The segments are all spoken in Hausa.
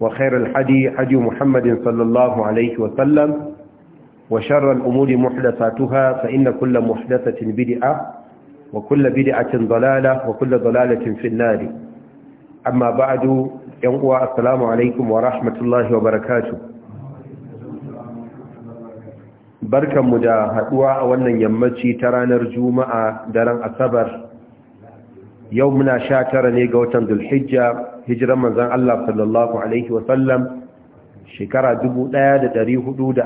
وخير الحدي حدي محمد صلى الله عليه وسلم وشر الأمور محدثاتها فإن كل محدثة بدعة وكل بدعة ضلالة وكل ضلالة في النار أما بعد ينقوى السلام عليكم ورحمة الله وبركاته barkan mu da haduwa a wannan yammaci ta ranar juma'a daren asabar yau muna 19 ne ga watan dhulhijja hijiran manzan Allah sallallahu alaihi wasallam shekara 1447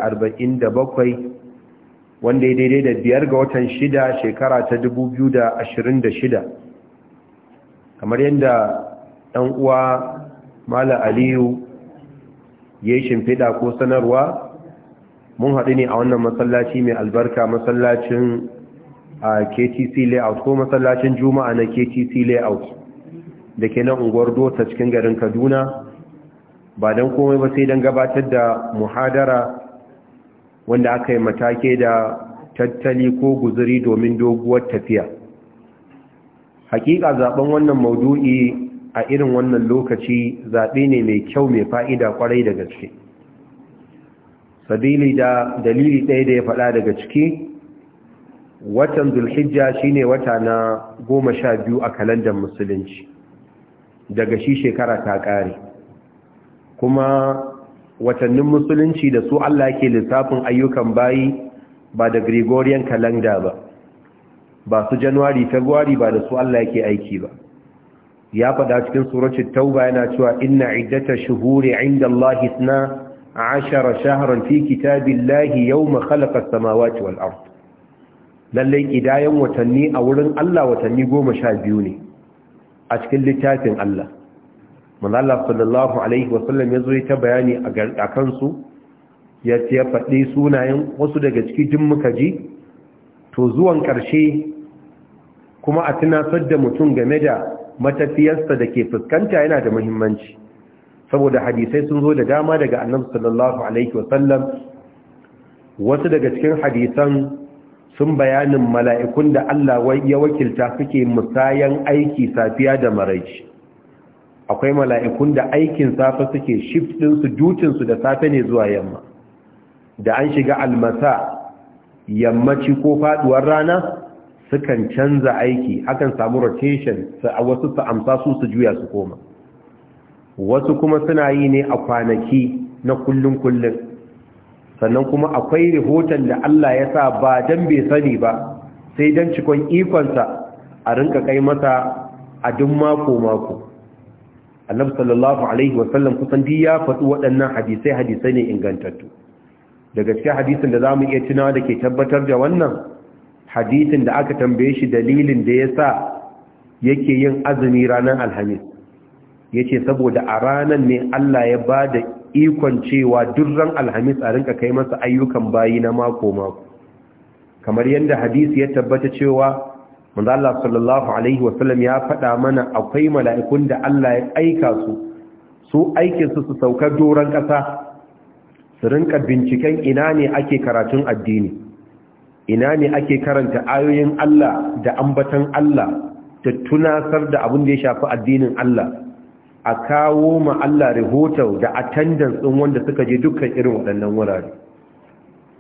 wanda ya daidai da biyar ga watan shida shekara ta da shida, kamar yadda ɗan uwa mala aliyu ya yi shimfiɗa ko sanarwa mun haɗu ne a wannan masallaci mai albarka masallacin a ktc layout ko masallacin juma'a na ktc layout da ke nan unguwar dota cikin garin kaduna ba don komai ba sai don gabatar da muhadara wanda aka yi matake da tattali ko guzuri domin doguwar tafiya hakika zaben wannan maudu'i a irin wannan lokaci zaɓe ne mai kyau mai fa'ida kwarai daga ciki. sabili da dalili ɗaya da ya faɗa daga ciki watan zulhijja shine wata na goma sha biyu a kalandar musulunci daga shi shekara ta ƙare kuma watannin musulunci da su Allah ke lissafin ayyukan bayi ba da gregorian calendar ba ba su january february ba da su Allah ke aiki ba ya faɗa cikin suratul tauba yana cewa inna iddata shuhuri inda Allah isna ashara shahran fi kitabillahi yawma khalaqa as-samawati wal ard lalle watanni a wurin Allah watanni goma sha biyu ne a cikin littafin Allah manzo sallallahu alaihi wasallam yazo ya ta bayani a kansu ya ce ya faɗi sunayen wasu daga ciki jin muka ji to zuwan ƙarshe kuma a tunasar da mutum game da matafiyarsa da ke fuskanta yana da muhimmanci saboda hadisai sun zo da dama daga annabi sallallahu alaihi wasallam wasu daga cikin hadisan sun bayanin mala'ikun da Allah ya wakilta suke musayan aiki safiya da maraici akwai mala'ikun da aikin safe suke shift ɗinsu dutinsu da safe ne zuwa yamma da an shiga almasa yammaci ko faɗuwar rana sukan canza aiki akan samu rotation a wasu su amsa su su juya su koma wasu kuma suna yi ne a kwanaki na kullum-kullum sannan kuma akwai rahoton da Allah ya sa ba dan bai sani ba sai dan cikon ikonsa a rinka kai masa a duk mako mako annabi sallallahu alaihi wasallam kusan duk ya faɗi waɗannan hadisai hadisai ne ingantattu daga cikin hadisin da zamu iya tunawa da ke tabbatar da wannan hadisin da aka tambaye shi dalilin da yasa yake yin azumi ranar alhamis yace saboda a ranar ne Allah ya ba da. ikon cewa durran alhamis a rinka kai masa ayyukan bayi na mako-mako kamar yadda hadisi ya tabbata cewa manzo sallallahu alaihi wasallam ya faɗa mana akwai mala'ikun da Allah ya aika su su aikin su su sauka doran ƙasa su rinka binciken ina ne ake karatun addini ina ne ake karanta ayoyin Allah da ambatan Allah da tunasar da abin da ya shafi addinin Allah a kawo ma Allah rahoto da attendance din wanda suka je dukkan irin waɗannan wurare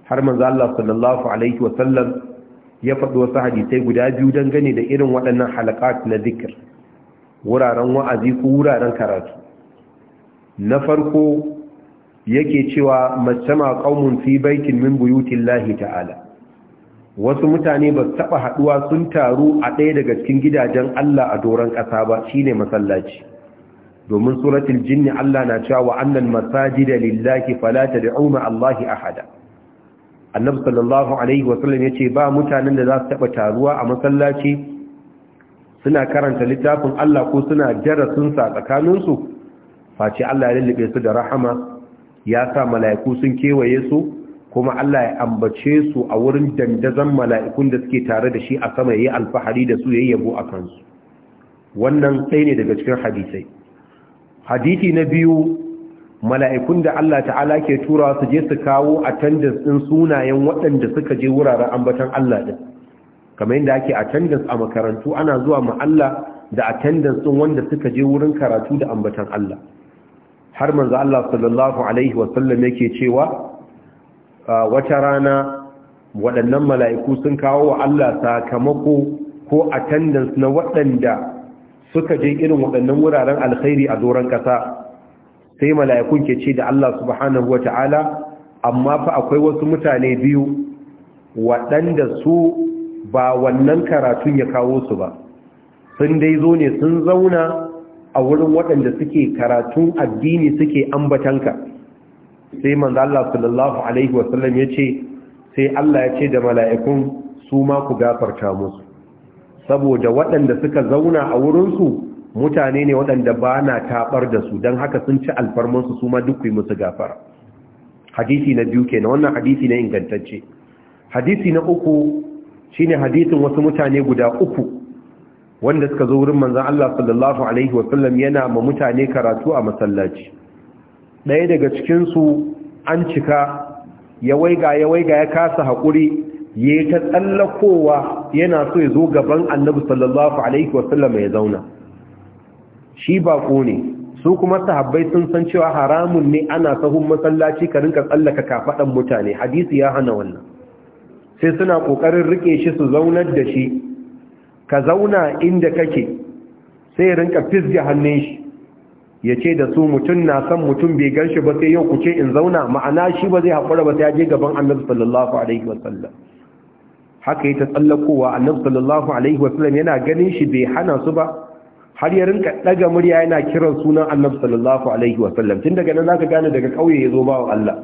har manzo Allah sallallahu alaihi wa sallam ya faɗi wasu hadisai guda biyu dangane da irin waɗannan halaqat na zikir wuraren wa'azi ko wuraren karatu na farko yake cewa majtama qaumun fi baitin min buyutillahi ta'ala wasu mutane ba su taɓa haɗuwa sun taru a ɗaya daga cikin gidajen Allah a doron ƙasa ba shine masallaci domin suratul jinni Allah na cewa wa'annan annal masajida lillahi fala tad'u ma Allahi ahada annabi sallallahu alaihi wa sallam yace ba mutanen da za su taba taruwa a masallaci suna karanta littafin Allah ko suna darasin sa tsakanin su face Allah ya lullube su da rahama ya sa mala'iku sun kewaye su kuma Allah ya ambace su a wurin dandazon mala'ikun da suke tare da shi a sama yayi alfahari da su yayi yabo a kansu wannan sai ne daga cikin hadisai Hadithi na biyu mala'ikun da Allah ta'ala ke tura su je su kawo tandas din sunayen waɗanda suka je wuraren ambatan Allah din kamar yadda ake tandas a makarantu ana zuwa ma Allah da tandas din wanda suka je wurin karatu da ambatan Allah har manzo Allah sallallahu alaihi wasallam yake cewa wata rana waɗannan mala'iku sun kawo wa Allah sakamako ko tandas na waɗanda suka je irin waɗannan wuraren alkhairi a doron ƙasa sai mala'ikun ke ce da Allah subhanahu wata'ala amma fa akwai wasu mutane biyu waɗanda su ba wannan karatun ya kawo su ba sun dai zo ne sun zauna a wurin waɗanda suke karatun addini suke ambatanka sai manzo Allah sallallahu alaihi wasallam ya ce sai Allah ya ce da mala'ikun su ma ku gafarta musu saboda waɗanda suka zauna a wurinsu mutane ne waɗanda ba na taɓar da su don haka sun ci alfarmansu su ma duk yi musu gafara hadisi na biyu kenan wannan hadisi na ingantacce hadisi na uku shine hadisin wasu mutane guda uku wanda suka zo wurin manzan Allah sallallahu alaihi wasallam yana ma mutane karatu a masallaci ɗaya daga cikinsu an cika ya waiga ya waiga ya kasa haƙuri ya ta tsallakowa yana so ya zo gaban annabi sallallahu alaihi wasallam ya zauna shi bako ne su kuma sahabbai sun san cewa haramun ne ana sahun masallaci ka rinka tsallaka kafadan mutane hadisi ya hana wannan sai suna kokarin rike shi su zaunar da shi ka zauna inda kake sai ya rinka fisga hannun shi ya ce da su mutum na san mutum bai gan shi ba sai yau ku ce in zauna ma'ana shi ba zai haƙura ba sai ya je gaban annabi sallallahu alaihi wasallam haka yi ta tsallakowa annab sallallahu alaihi wasallam yana ganin shi bai hana su ba har ya rinka ɗaga murya yana kiran sunan annab sallallahu alaihi wasallam tun daga nan zaka gane daga ƙauye ya zo bawan Allah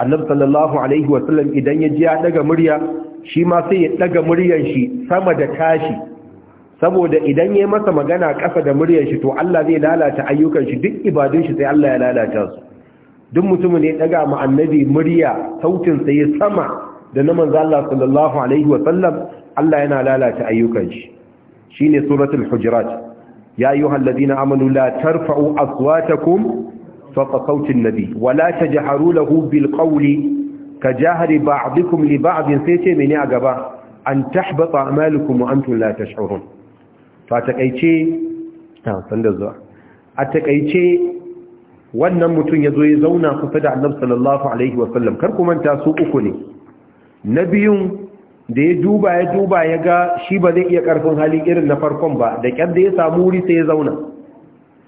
annab sallallahu alaihi wasallam idan ya ji ya ɗaga murya shi ma sai ya ɗaga muryan shi sama da tashi saboda idan ya yi masa magana ƙasa da muryan shi to Allah zai lalata ayyukan shi duk ibadun shi sai Allah ya lalata su duk mutumin ya ɗaga ma annabi murya sautin sa ya sama da na manzo Allah sallallahu alaihi wa sallam Allah yana lalata ayyukan shi shine suratul hujurat ya ayyuhal ladina amanu la tarfa'u aswatakum fawqa sawti an-nabi wa la tajharu lahu bil qawli kajahri ba'dikum li ba'din sai ce mene a gaba an tahbata a'malukum wa antum la tash'urun fa takeice ta sanda zuwa a takeice wannan mutum ya zo ya zauna kusa da annabi sallallahu alaihi wa sallam kar ku manta su uku ne na biyun da ya duba ya duba ya ga shi ba zai iya karfin hali irin na farkon ba da kyar da ya samu wuri sai ya zauna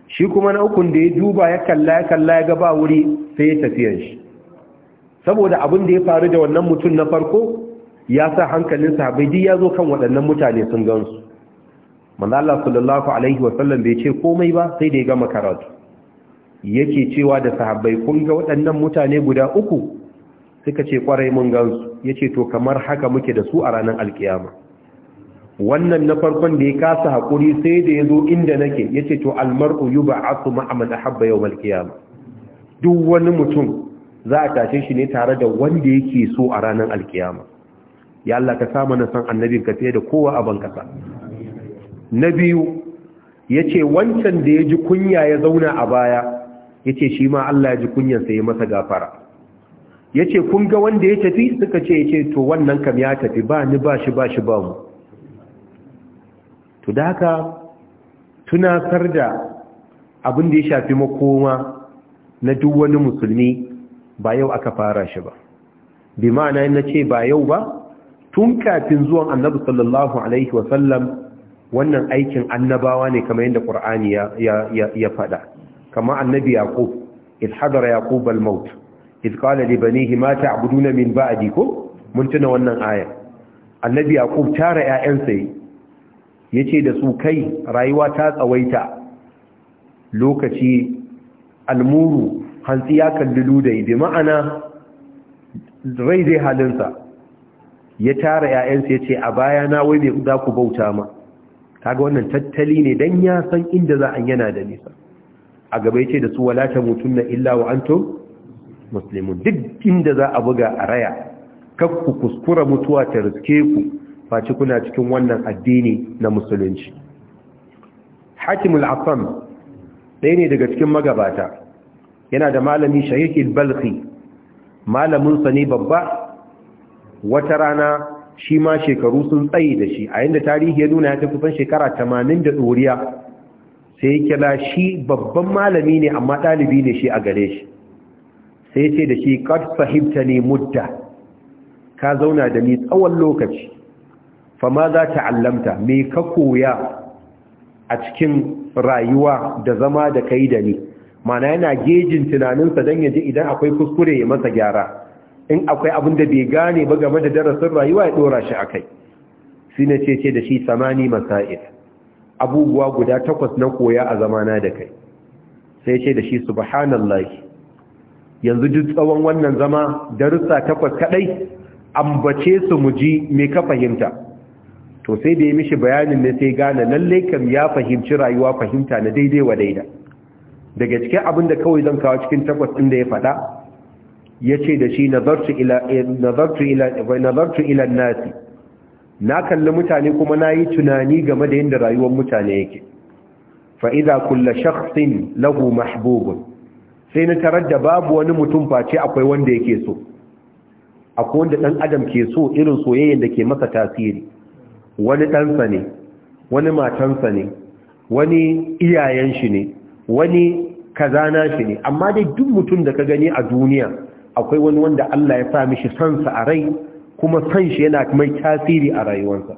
shi kuma na ukun da ya duba ya kalla ya kalla ya ga ba wuri sai ya tafiyar shi saboda abin da ya faru da wannan mutum na farko ya sa hankalin sahabai ya zo kan waɗannan mutane sun gansu manzo Allah sallallahu alaihi wa bai ce komai ba sai da ya gama karatu yake cewa da sahabbai kun ga waɗannan mutane guda uku suka ce kwarai mun gansu ce to kamar haka muke da su a ranar alkiyama wannan na farkon da ya kasa haƙuri sai da ya zo inda nake ce to almar'u yi ba a su ma'amman a ahabba yau alkiyama duk wani mutum za a tashe shi ne tare da wanda yake so a ranar alkiyama ya Allah ka samu na san annabin ka fiye da kowa a bankasa na biyu ya ce wancan da ya ji kunya ya zauna a baya ya ce shi ma Allah ya ji kunyansa ya masa gafara ya ce kun ga wanda ya tafi suka ce ya ce to wannan kam ya tafi ba ni ba shi ba shi ba mu to da haka tunasar da abin da ya shafi makoma na duk wani musulmi ba yau aka fara shi ba bi ma'ana na ce ba yau ba tun kafin zuwan annabi sallallahu alaihi wasallam wannan aikin annabawa ne kamar yadda ƙur'ani ya faɗa kama annabi Yaqub, ilhadar Yaqub al-maut iz qala li banihi ma ta'buduna min ba'di ko mun tuna wannan aya annabi yaqub tara ƴaƴansa yace da su kai rayuwa ta tsawaita lokaci almuru hantsi ya kalli ludai bi ma'ana rai zai halinsa ya tara ‘ya'yansa ya ce a baya na wai bai za ku bauta ma kaga wannan tattali ne dan ya san inda za a yana da nisa a gaba yace ce da su walata mutum na illa wa antum musulmi duk inda za a buga a raya kakku kuskura mutuwa ta riske ku faci kuna cikin wannan addini na musulunci hakimul afam ɗaya ne daga cikin magabata yana da malami shahikin balki malaminsa ne babba wata rana shi ma shekaru sun tsayi da shi a yadda tarihi ya nuna ya tafi san shekara tamanin da ɗoriya sai ya shi babban malami ne amma ɗalibi ne shi a gare shi sai ce da shi qad sahibta ne mudda ka zauna da ni tsawon lokaci fa ma za ta allamta, me ka koya a cikin rayuwa da zama da kai da ni mana yana gejin tunaninsa don yaji idan akwai kuskure ya masa gyara in akwai abin da bai gane ba game da darasin rayuwa ya dora shi a kai? ne ce ce da shi samani masa'id abubuwa guda takwas na koya a zamana da kai sai ce da shi subhanallahi yanzu duk tsawon wannan zama darussa takwas kadai ambace su mu ji me ka fahimta to sai da ya mishi bayanin ne sai gane lalle kam ya fahimci rayuwa fahimta na daidai wa daida daga cikin abin da kawai zan kawo cikin takwas din da ya faɗa yace da shi nazartu ila eh, nazartu ila eh, nazartu ila nasi na kalli mutane kuma nayi tunani game da yadda rayuwar mutane yake fa'iza kullu shakhsin lahu mahbubun sai na tarar da babu wani mutum face akwai wanda yake so akwai wanda ɗan adam ke so irin soyayyen da ke masa tasiri wani ɗansa ne wani matansa ne wani iyayen shi ne wani kazana shi ne amma dai duk mutum da ka gani a duniya akwai wani wanda Allah ya sa mishi sansa a rai kuma san shi yana mai tasiri a rayuwarsa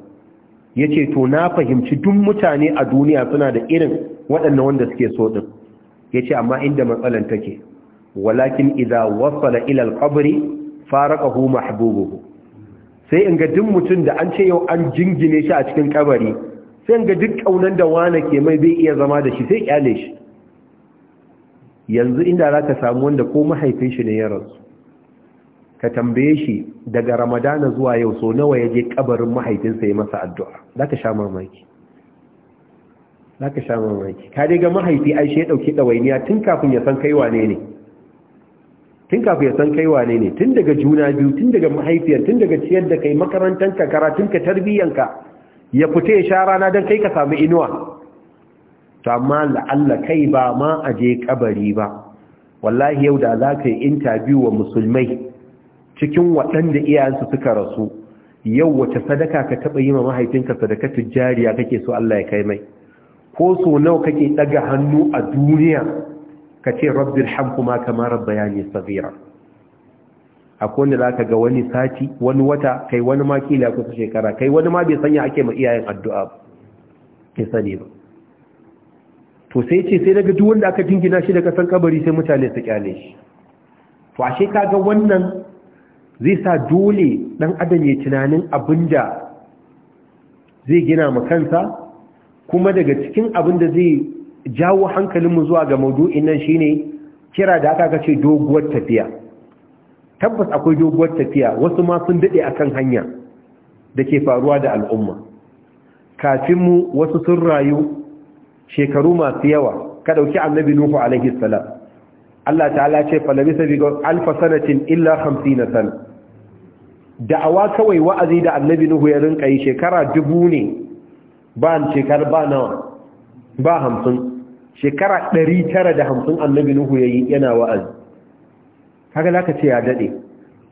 yace to na fahimci duk mutane a duniya suna da irin waɗannan wanda suke so din Ya ce, amma inda matsalan take walakin idza wasala ila al-qabri faraqahu mahbubuhu sai in ga duk mutum da an ce yau an jingine shi a cikin kabari sai in ga duk kaunan da wane ke mai bai iya zama da shi sai kyale shi yanzu inda za samu wanda ko mahaifin shi ne ya rasu ka tambaye shi daga ramadana zuwa yau so nawa ya je kabarin mahaifinsa ya masa addu'a za sha mamaki za ka sha mamaki ka dai ga mahaifi ai shi ya ɗauki ɗawainiya tun kafin ya san kai wane ne tun kafin ya san kai wane ne tun daga juna biyu tun daga mahaifiyar tun daga ciyar da kai ka karatunka tarbiyyanka ya fita ya sha rana don kai ka samu inuwa to amma la'alla kai ba ma a je kabari ba wallahi yau da za ka yi interview wa musulmai cikin waɗanda iyayensu suka rasu yau wace sadaka ka taɓa yi ma mahaifinka sadaka jariya kake so Allah ya kai mai ko so nawa kake daga hannu a duniya ka ce rabbir ma kama rabbayani saghira akwai wanda zaka ga wani sati wani wata kai wani ma kila kusa shekara kai wani ma bai sanya ake ma iyayen addu'a ba ke sani ba to sai ce sai daga duk wanda aka dingina shi daga san kabari sai mutane su kyale shi to ashe ga wannan zai sa dole dan adam ya tunanin da zai gina ma kansa kuma daga cikin abin da zai jawo hankalinmu zuwa ga maudu'in nan shine kira da aka kace doguwar tafiya tabbas akwai doguwar tafiya wasu ma sun dade akan hanya da ke faruwa da al'umma kafin mu wasu sun rayu shekaru masu yawa ka dauki annabi nuhu alaihi salam Allah ta'ala ce falabisa bi alfa sanatin illa 50 sana da'awa kawai wa'azi da annabi nuhu ya rinka yi shekara dubu ne ba shekar ba nawa ba hamsin shekara ɗari tara da hamsin annabi nuhu ya yi yana wa'azi haka za ka ce ya daɗe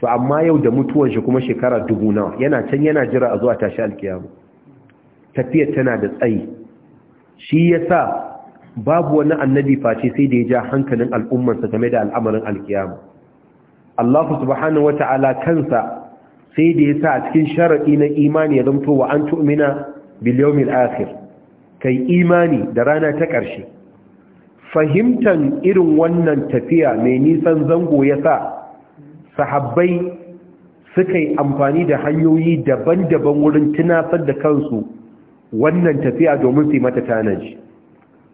to amma yau da mutuwan shi kuma shekara dubu nawa yana can yana jira a zuwa tashi alkiyamu tafiyar tana da tsayi shi ya sa babu wani annabi face sai da ya ja hankalin al'ummarsa game da al'amarin alkiyamu allahu subhanahu wa ta'ala kansa sai da ya sa a cikin sharaɗi na imani ya zamto wa an tu'mina Biliyomin yawmil akhir kai imani da rana ta ƙarshe fahimtan irin wannan tafiya mai nisan zango ya sa sahabbai suka yi amfani da hanyoyi daban-daban wurin tunasar da kansu wannan tafiya domin su yi mata tanaji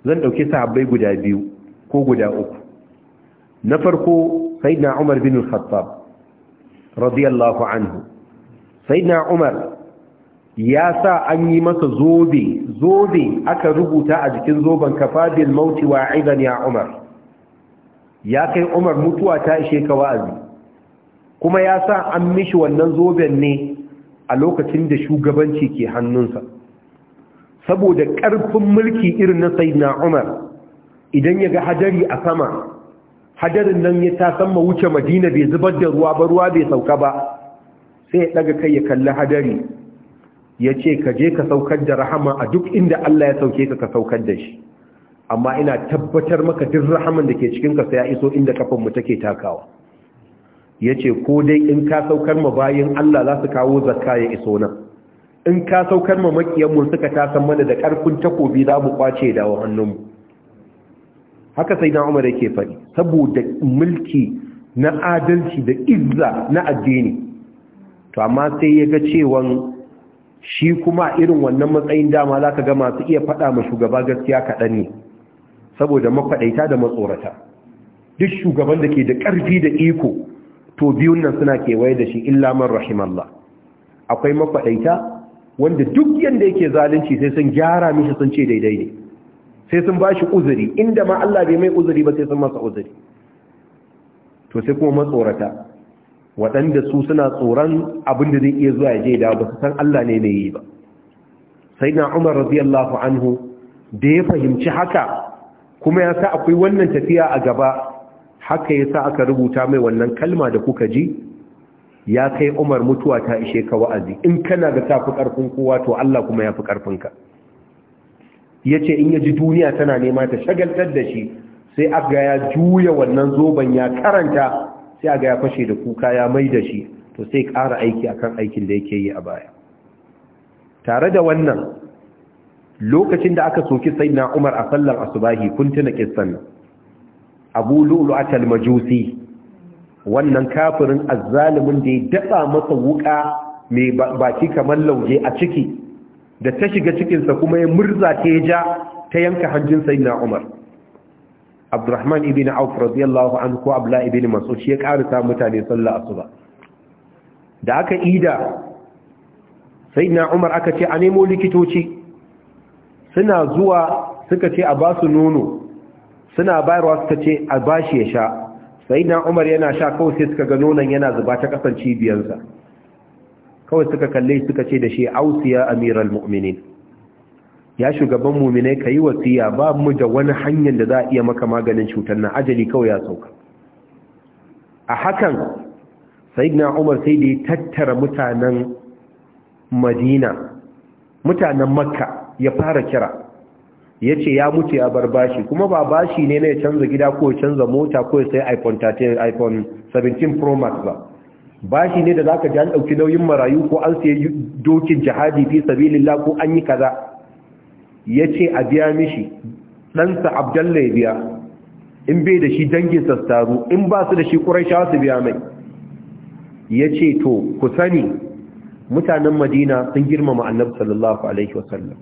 zan ɗauki sahabbai guda biyu ko guda uku na farko na umar bin khattab radiyallahu anhu na umar ya sa an yi masa zobe zobe aka rubuta a jikin zoben kafabil mauti wa aidan ya umar ya kai umar mutuwa ta ishe ka wa'azi kuma ya sa an mishi wannan zoben ne a lokacin da shugabanci ke hannunsa saboda ƙarfin mulki irin na sai na umar idan ya ga hadari a sama hadarin nan ya ta sama wuce madina bai zubar da ruwa ba ruwa bai sauka ba sai ya ɗaga kai ya kalli hadari ya ce ka je ka saukar da rahama a duk inda Allah ya sauke ka ka saukar da shi amma ina tabbatar maka duk rahaman da ke cikin kasa ya iso inda mu take takawa ya ce ko dai in ka saukar ma bayan Allah za su kawo zakka ya iso nan in ka saukar ma mu suka tasan mana da karfin takobi za mu kwace da mu haka sai na umar yake faɗi saboda mulki na adalci da izza na addini to amma sai ya ga cewan shi kuma irin wannan matsayin dama za ka ga masu iya faɗa ma shugaba gaskiya kaɗan ne saboda mafaɗaita da matsorata duk shugaban da ke da ƙarfi da iko to biyun nan suna kewaye da shi illa man rahimallah akwai mafaɗaita wanda duk yanda yake zalunci sai sun gyara mishi sun ce daidai ne sai sun ba shi uzuri inda ma Allah bai mai uzuri ba sai sun masa uzuri to sai kuma matsorata waɗanda su suna tsoron abin da zai iya zuwa ya je da ba su san Allah ne ne yi ba sai na umar radiyallahu anhu da ya fahimci haka kuma ya sa akwai wannan tafiya a gaba haka ya sa aka rubuta mai wannan kalma da kuka ji ya kai umar mutuwa ta ishe ka wa'azi in kana da fi ƙarfin kowa to Allah kuma ya fi karfinka ya ce in ya ji duniya tana nema ta shagaltar da shi sai aka ya juya wannan zoben ya karanta sai a ga ya fashe da kuka ya mai da shi to sai ƙara aiki akan aikin da yake yi a baya tare da wannan lokacin da aka soki na Umar a sallar asubahi kun tuna kissan Abu lulu a talmajusi wannan kafirin azzalimin da ya daɓa masa wuƙa mai baki kamar lauje a ciki da ta shiga cikinsa kuma ya murza ta ya ja ta yanka hanjin Saina Umar abdurrahman ibn auf radiyallahu anhu ko abla ibn mas'ud shi ya karanta mutane sallah asuba da aka ida sayyidina umar aka ce a nemo likitoci suna zuwa suka ce a ba su nono suna bayarwa suka ce a bashi ya sha sayyidina umar yana sha kawai sai suka ga nonon yana zuba ta kasan cibiyarsa kawai suka kalle suka ce da shi ausiya amiral mu'minin ya shugaban muminai ka yi wasiya ba mu da wani hanyar da za a iya maka maganin cutar na ajali kawai ya sauka a hakan sayyidina umar sai da ya tattara mutanen madina mutanen makka ya fara kira ya ce ya mutu ya bar bashi kuma ba bashi ne na ya canza gida ko ya canza mota ko ya sai iphone 13 iphone 17 pro max ba bashi ne da za ka ji an ɗauki nauyin marayu ko an sai dokin jihadi fi lillah ko an yi kaza ya ce a biya mishi ɗansa abdalla ya biya in bai da shi dangin sastaru in ba su da shi sha su biya mai ya ce to ku sani mutanen madina sun girmama annabi sallallahu alaihi wasallam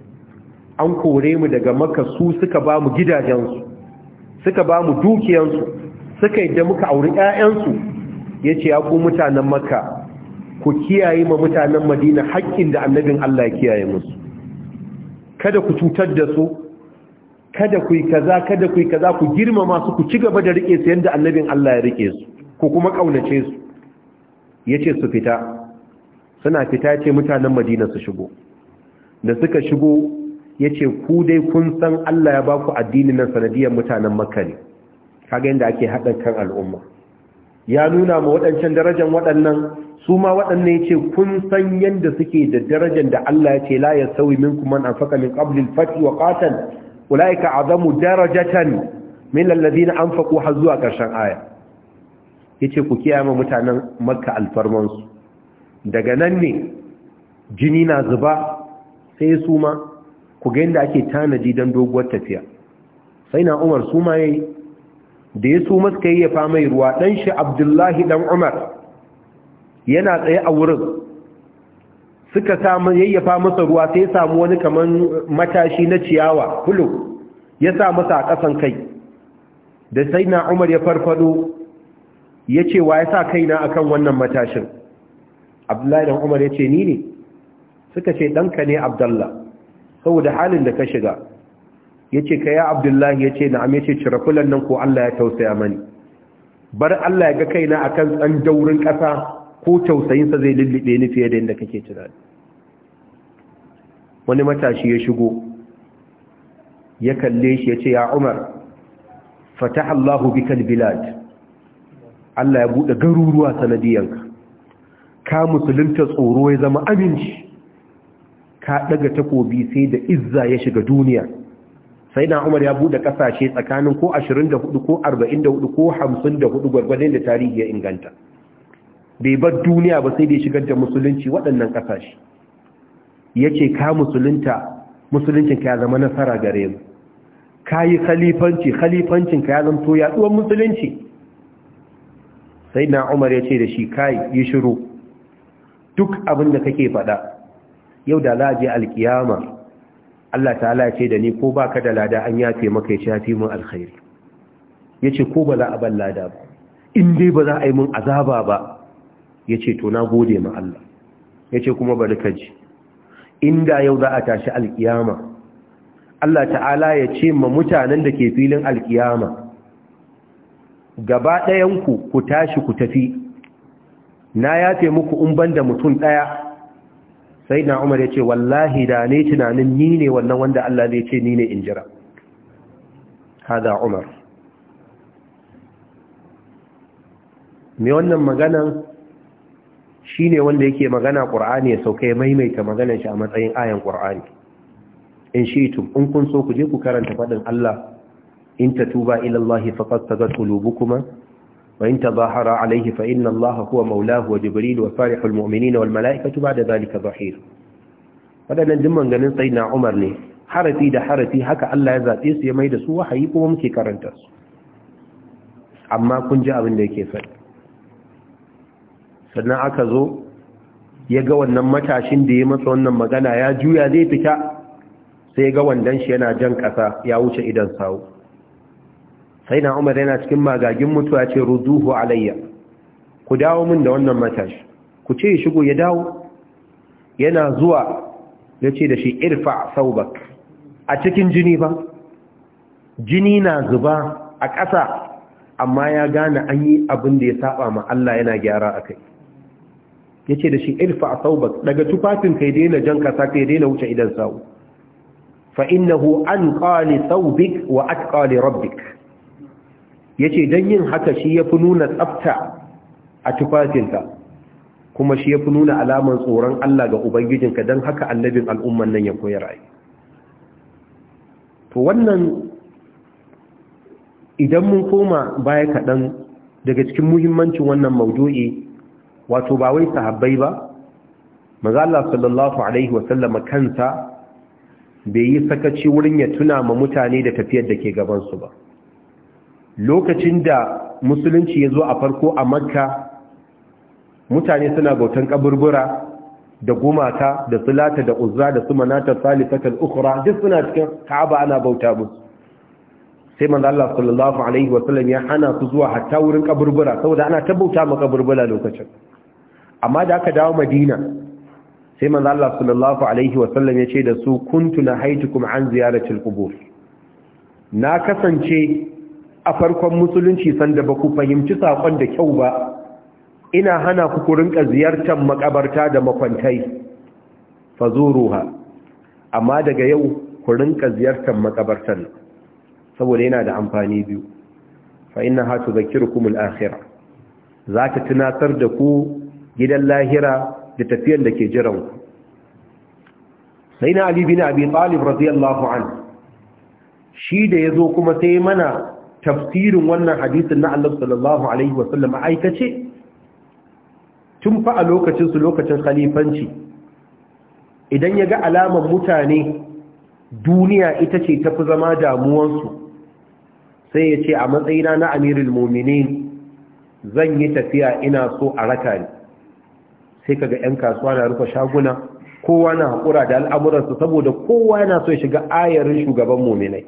an kore mu daga maka su suka ba mu gidajensu suka ba mu dukiyansu suka yi da muka auri 'ya'yansu ya ce ya ku mutanen maka ku kiyaye ma mutanen madina haƙƙin da annabin allah ya kiyaye musu kada ku cutar da su kada ku yi kaza kada ku yi kaza ku girmama su ku ci gaba da rike su yanda annabin Allah ya rike su ku kuma kaunace su yace su fita suna fita yace mutanen Madina su shigo da suka shigo yace ku dai kun san Allah ya ba ku addinin nan sanadiyar mutanen Makka ne kaga yanda ake haɗa kan al'umma ya nuna ma waɗancan darajar waɗannan su ma waɗanne ya ce kun san yadda suke da darajar da Allah ya ce layar sauyi min kuma an faka min ƙablil fati wa ƙatan ulaika azamu darajatan min lallabi na an faku har zuwa ƙarshen aya ya ce ku kiyama mutanen makka alfarmansu daga nan ne jini na zuba sai su ma ku ga yadda ake tanaji don doguwar tafiya sai na umar su ma ya yi da ya su maska yi ya fama ruwa ɗan shi abdullahi ɗan umar yana tsaye a wurin suka samu yayyafa masa ruwa sai ya samu wani kaman matashi na ciyawa hulu ya sa masa a kasan kai da sai na umar ya farfado ya ce wa ya sa kaina akan wannan matashin abdullahi dan umar ya ce ni ne suka ce ɗanka ne abdullah saboda halin da ka shiga ya ce ka ya abdullahi ya ce na'am ya ce cire kulan nan ko allah ya tausaya mani bar allah ya ga kaina akan tsan daurin ƙasa ko tausayinsa zai lullube ni fiye da yadda kake tunani wani matashi ya shigo ya kalle shi ya ce ya umar fatah Allahu bikal bilad Allah ya bude garuruwa sanadiyanka ka musulunta tsoro ya zama aminci ka daga takobi sai da izza ya shiga duniya sai na umar ya bude kasashe tsakanin ko 24 ko 44 ko 54 gwargwadon da tarihi ya inganta bai bar duniya ba sai da ya shigar da musulunci waɗannan ƙasashe ya ce ka musulunta musuluncin ka ya zama nasara gare mu ka yi khalifanci khalifancin ka ya zanto yaɗuwar musulunci sai na umar ya ce da shi ka yi shiru duk abin da kake faɗa yau da za a je alkiyama Allah Ta ala ce da ni ko ba ka da lada an yafe maka ya shafi mun alkhairi ya ce ko ba za a ban lada ba in dai ba za a yi mun azaba ba ya ce to na gode ma Allah ya ce kuma bari ka ji inda yau za a tashi alkiyama Allah ta'ala ya ce ma mutanen da ke filin alkiyama gaba ɗayanku ku tashi ku tafi na yafe muku in banda mutum ɗaya sai na umar ya ce wallahi da ne tunanin ni ne wannan wanda Allah zai ce ni ne in jira haza umar mai wannan maganan shine wanda yake magana qur'ani ya sauka ya maimaita maganar shi a matsayin ayan qur'ani in shi'tum in kun so ku je ku karanta fadin Allah in tatuba ila Allah faqad sagat qulubukuma wa in tadahara alayhi fa inna Allah huwa maulahu wa jibril wa salihul mu'minina wal mala'ikatu ba'da dhalika dhahir wadannan duk manganin sayyidina Umar ne harafi da harafi haka Allah ya zabe su ya maida su wahayi kuma muke karanta su amma kun ji abin da yake faɗi sannan aka zo ya ga wannan matashin da ya masa wannan magana ya juya zai fita sai ga wandan shi yana jan ƙasa ya wuce idan sawo sai na umar yana cikin magagin mutuwa ce ruduhu alayya ku dawo min da wannan matashi ku ce ya shigo ya dawo yana zuwa ya ce da shi irfa saubak a cikin jini ba jini na zuba a ƙasa amma ya gane an yi abin da ya saba ma Allah yana gyara a kai Yace da shi irfa a saubat daga tufafin kai daina jan kasa kai daina wuce idan sawu fa'innahu an ƙali saubik wa at ƙali rabbik ya ce don yin haka shi ya fi nuna tsafta a tufafinka kuma shi ya fi nuna alaman tsoron Allah ga Ubangijinka don haka annabin al'umman nan ya koyar ai. To wannan idan mun koma baya kaɗan daga cikin muhimmancin wannan maudu'i wato ba wai sahabbai ba maza Allah sallallahu alaihi wasallama kansa bai yi sakaci wurin ya tuna ma mutane da tafiyar da ke gabansu ba lokacin da musulunci ya zo a farko a makka mutane suna bautan kaburbura da gumaka da sulata da uzza da su manata salisatar ukura duk suna cikin ka'aba ana bauta musu sai manzo Allah sallallahu alaihi wasallam ya hana su zuwa hatta wurin kaburbura saboda ana ta bauta ma kaburbura lokacin amma da aka dawo madina sai manzo Allah sallallahu alaihi wa sallam ya ce da su kuntu nahaitukum an ziyaratil qubur na kasance a farkon musulunci sanda ba ku fahimci sakon da kyau ba ina hana ku kurinka ziyartar makabarta da makwantai fazuruha amma daga yau ku rinƙa ziyartar makabartan saboda yana da amfani biyu fa innaha tudhakkirukum al-akhirah za tunatar da ku gidan lahira da tafiyar da ke jiran ku sai na ali bin abi talib radiyallahu anhu shi da ya zo kuma sai mana tafsirin wannan hadisin na Allah sallallahu alaihi wasallam aikace tun fa a lokacin lokacin khalifanci idan ya ga alaman mutane duniya ita ce tafi zama damuwansu sai ya ce a matsayina na amirul muminin zan yi tafiya ina so a raka sai kaga yan kasuwa na rufe shaguna kowa na haƙura da al'amuransu saboda kowa yana so ya shiga ayarin shugaban muminai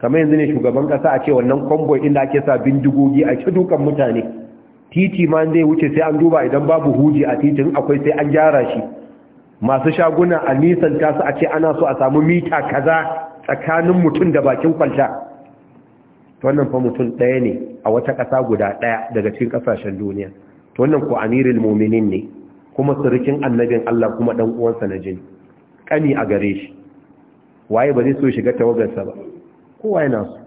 kamar yanzu ne shugaban ƙasa a ce wannan kwamboi inda ake sa bindigogi a ke dukan mutane titi ma zai wuce sai an duba idan babu huji a titin akwai sai an gyara shi masu shaguna a nisan tasu a ce ana so a samu mita kaza tsakanin mutum da bakin kwalta wannan fa mutum ɗaya ne a wata ƙasa guda ɗaya daga cikin ƙasashen duniya to wannan ku amirul mu'minin ne kuma surukin annabin Allah kuma dan uwansa na jini kani a gare shi waye ba zai so shiga tawagarsa ba kowa yana so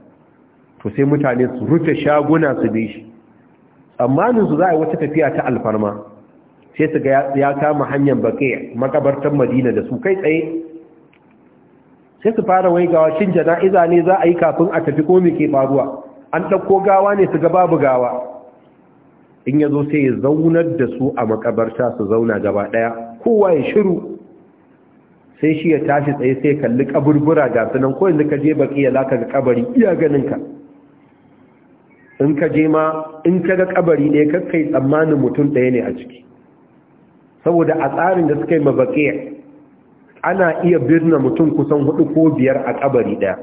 to sai mutane su rufe shaguna su bi shi tsammanin su za a wata tafiya ta alfarma sai su ga ya kama hanyar baki makabartar madina da su kai tsaye sai su fara wai gawa shin jana'iza ne za a yi kafin a tafi ko ke faruwa an ɗauko gawa ne su ga babu gawa in ya zo sai ya zaunar da su a makabarta su zauna gaba ɗaya kowa ya shiru sai shi ya tashi tsaye sai kalli kaburbura ga sunan ko yanzu ka je baki ya laka ga kabari iya ganin ka. in ka je ma in ka ga kabari ne kai tsammanin mutum ɗaya ne a ciki saboda a tsarin da suka yi ana iya birna mutum kusan hudu ko biyar a kabari ɗaya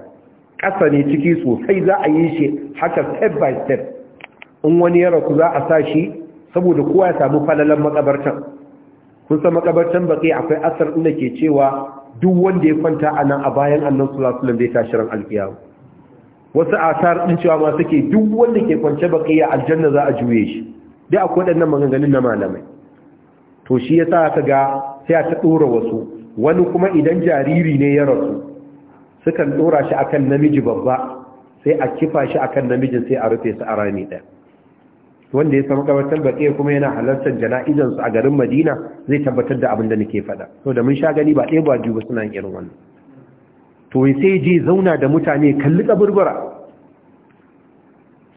ƙasa ne ciki sosai za a yi shi haka step by step in wani ya rasu za a sa shi saboda kowa ya samu falalan makabartan kun san makabartan baki akwai asar inda ke cewa duk wanda ya kwanta a nan a bayan annan sulasulan zai tashi ran alkiyawa wasu asar din cewa ma suke duk wanda ke kwance baki a aljanna za a juye shi dai akwai waɗannan maganganun na malamai to shi yasa ka ga sai a ta dora wasu wani kuma idan jariri ne ya rasu sukan ɗora shi akan namiji babba sai a kifa shi akan namijin sai a rufe su a rami ɗaya wanda ya samu gabatar baƙe kuma yana halartar jana'izansu a garin madina zai tabbatar da abin da nake faɗa so da mun sha gani ba ɗaya ba biyu ba suna irin wannan to sai je zauna da mutane kalli kaburbura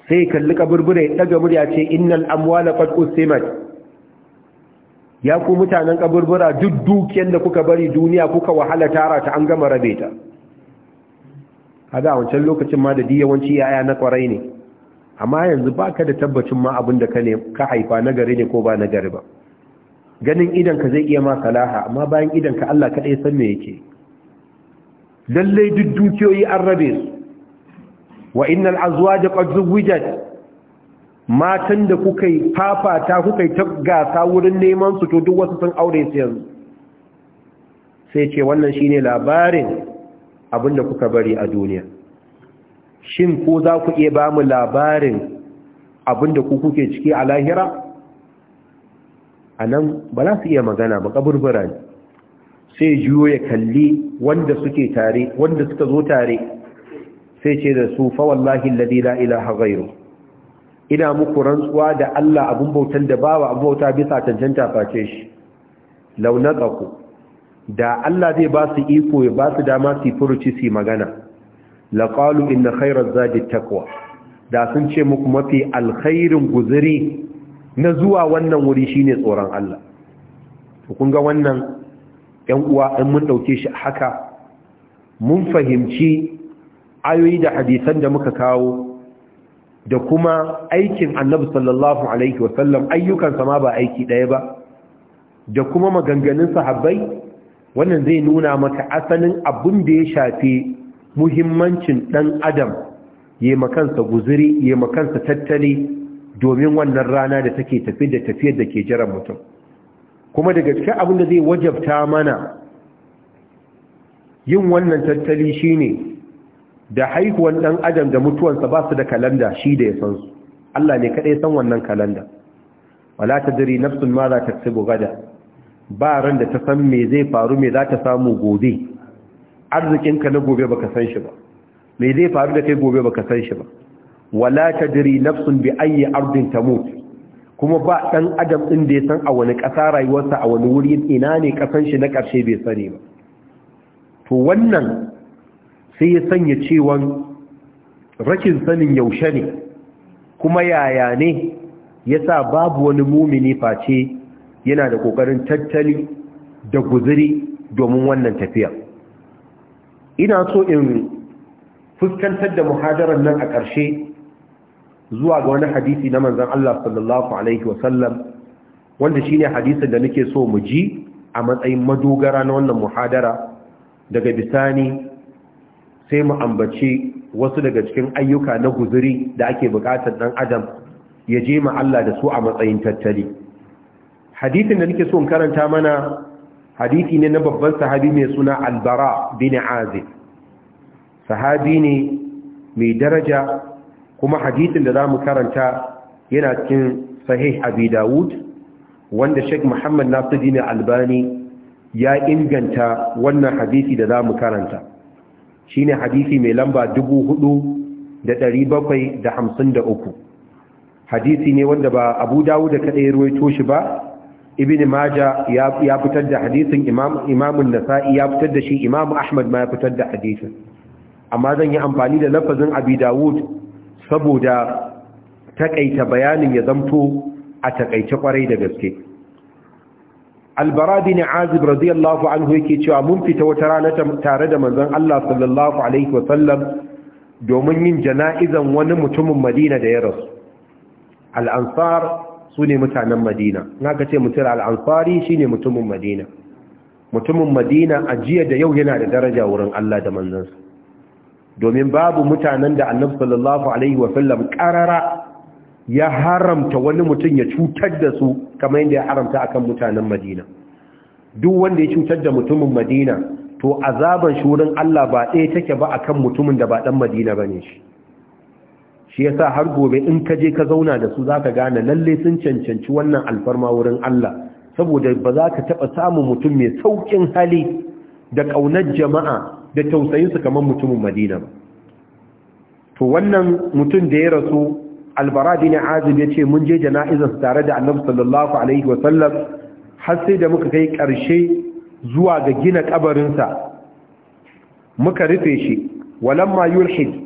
sai kalli kaburbura ya ɗaga murya ce innal amwala qad usimat ya ku mutanen kaburbura duk dukiyar da kuka bari duniya kuka wahala tara ta an gama rabe ta kaga a wancan lokacin ma da diyawanci yaya na kwarai ne amma yanzu ba ka da tabbacin ma abin da ka haifa na gari ne ko ba na gari ba ganin idan ka zai iya ma salaha amma bayan idan ka Allah kaɗai san me yake lallai duk dukiyoyi an rabe su wa innal azwaja qad zawwijat matan da kuka yi fafata kuka yi ta gasa wurin neman su to duk wasu sun aure su yanzu sai ce wannan shine labarin abin da kuka bari a duniya shin ko za ku iya ba mu labarin abinda ku kuke ciki a lahira a nan ba za su iya magana ba kaburbura ne sai juyo ya kalli wanda suke tare wanda suka zo tare sai ce da su fa wallahi alladhi la ilaha ghairu ina muku rantsuwa da Allah abun bautan da wa abun bauta bisa cancanta face shi launaqaku da Allah zai ba su iko ya ba su dama su furuci su magana laqalu inna khayra zadi takwa, da sun ce muku mafi alkhairin guzuri na zuwa wannan wuri shine tsoron Allah kun ga wannan ‘yan uwa in mun ɗauke shi haka mun fahimci ayoyi da hadisan da muka kawo da kuma aikin annabi sallallahu alaihi wasallam ayyukansa ma ba aiki ɗaya ba da kuma maganganun sahabbai wannan zai nuna maka asalin abin da ya shafi muhimmancin ɗan adam ya makansa guziri ya yi makansa tattali domin wannan rana da take tafi da tafiyar da ke jiran mutum kuma daga cikin abin da zai wajabta mana yin wannan tattali shine da haihuwan ɗan adam da mutuwansa ba su da kalanda shi da ya san su Allah ne kaɗai san wannan kalanda wala ta tadri nafsun ma za ta tsibu gada ba ran da ta san me zai faru me za ta samu gobe arzikinka na gobe baka san shi ba me zai faru da kai gobe baka san shi ba wala tadri nafsun bi ayi ardin tamut kuma ba dan adam din da ya san a wani kasa rayuwarsa a wani wuri ina ne kasan shi na karshe bai sani ba to wannan sai ya sanya cewan rakin sanin yaushe ne kuma yaya ne yasa babu wani mumini face yana da kokarin tattali da guzuri domin wannan tafiyar ina so in fuskantar da muhajarar nan a ƙarshe zuwa ga wani hadisi na manzan Allah sallallahu Alaihi wasallam wanda shi ne hadisin da nake so mu ji a matsayin madogara na wannan muhadara daga bisani sai mu ambaci wasu daga cikin ayyuka na guzuri da ake bukatar ɗan adam ya je ma Allah da su a matsayin tattali hadisin da nake so in karanta mana hadisi ne na babban sahabi mai suna albara bin azib sahabi ne mai daraja kuma hadisin da za mu karanta yana cikin sahih abi dawud wanda sheikh muhammad nasiruddin albani ya inganta wannan hadisi da za mu karanta shine hadisi mai lamba uku. hadisi ne wanda ba abu dawud da kaɗai ruwaito shi ba ibn maja ya fitar da hadisin imam nasa'i ya fitar da shi imam ahmad ma ya fitar da hadisin amma zan yi amfani da lafazin abi dawud saboda takaita bayanin ya zamto a takaice kwarai da gaske albara bin azib radiyallahu anhu yake cewa mun fita wata rana tare da manzon Allah sallallahu alaihi Wasallam domin yin jana'izan wani mutumin Madina da ya rasu al-ansar su ne mutanen madina na ka ce mutum al'ansari shi ne mutumin madina mutumin madina a jiya da yau yana da daraja wurin Allah da manzansa domin babu mutanen da annabi sallallahu alaihi wasallam karara ya haramta wani mutum ya cutar da su kamar yadda ya haramta akan mutanen madina duk wanda ya cutar da mutumin madina to azaban shi wurin Allah ba ɗaya take ba akan mutumin da ba ɗan madina ba ne shi shi yasa har gobe in ka je ka zauna da su zaka gane lalle sun cancanci wannan alfarma wurin Allah saboda ba za ka taɓa samun mutum mai sauƙin hali da ƙaunar jama'a da tausayinsu kamar mutumin Madina ba to wannan mutum da ya rasu Albara bin ya ce mun je jana'izar tare da Annabi sallallahu alaihi wa har sai da muka kai ƙarshe zuwa ga gina kabarinsa muka rufe shi walamma yulhid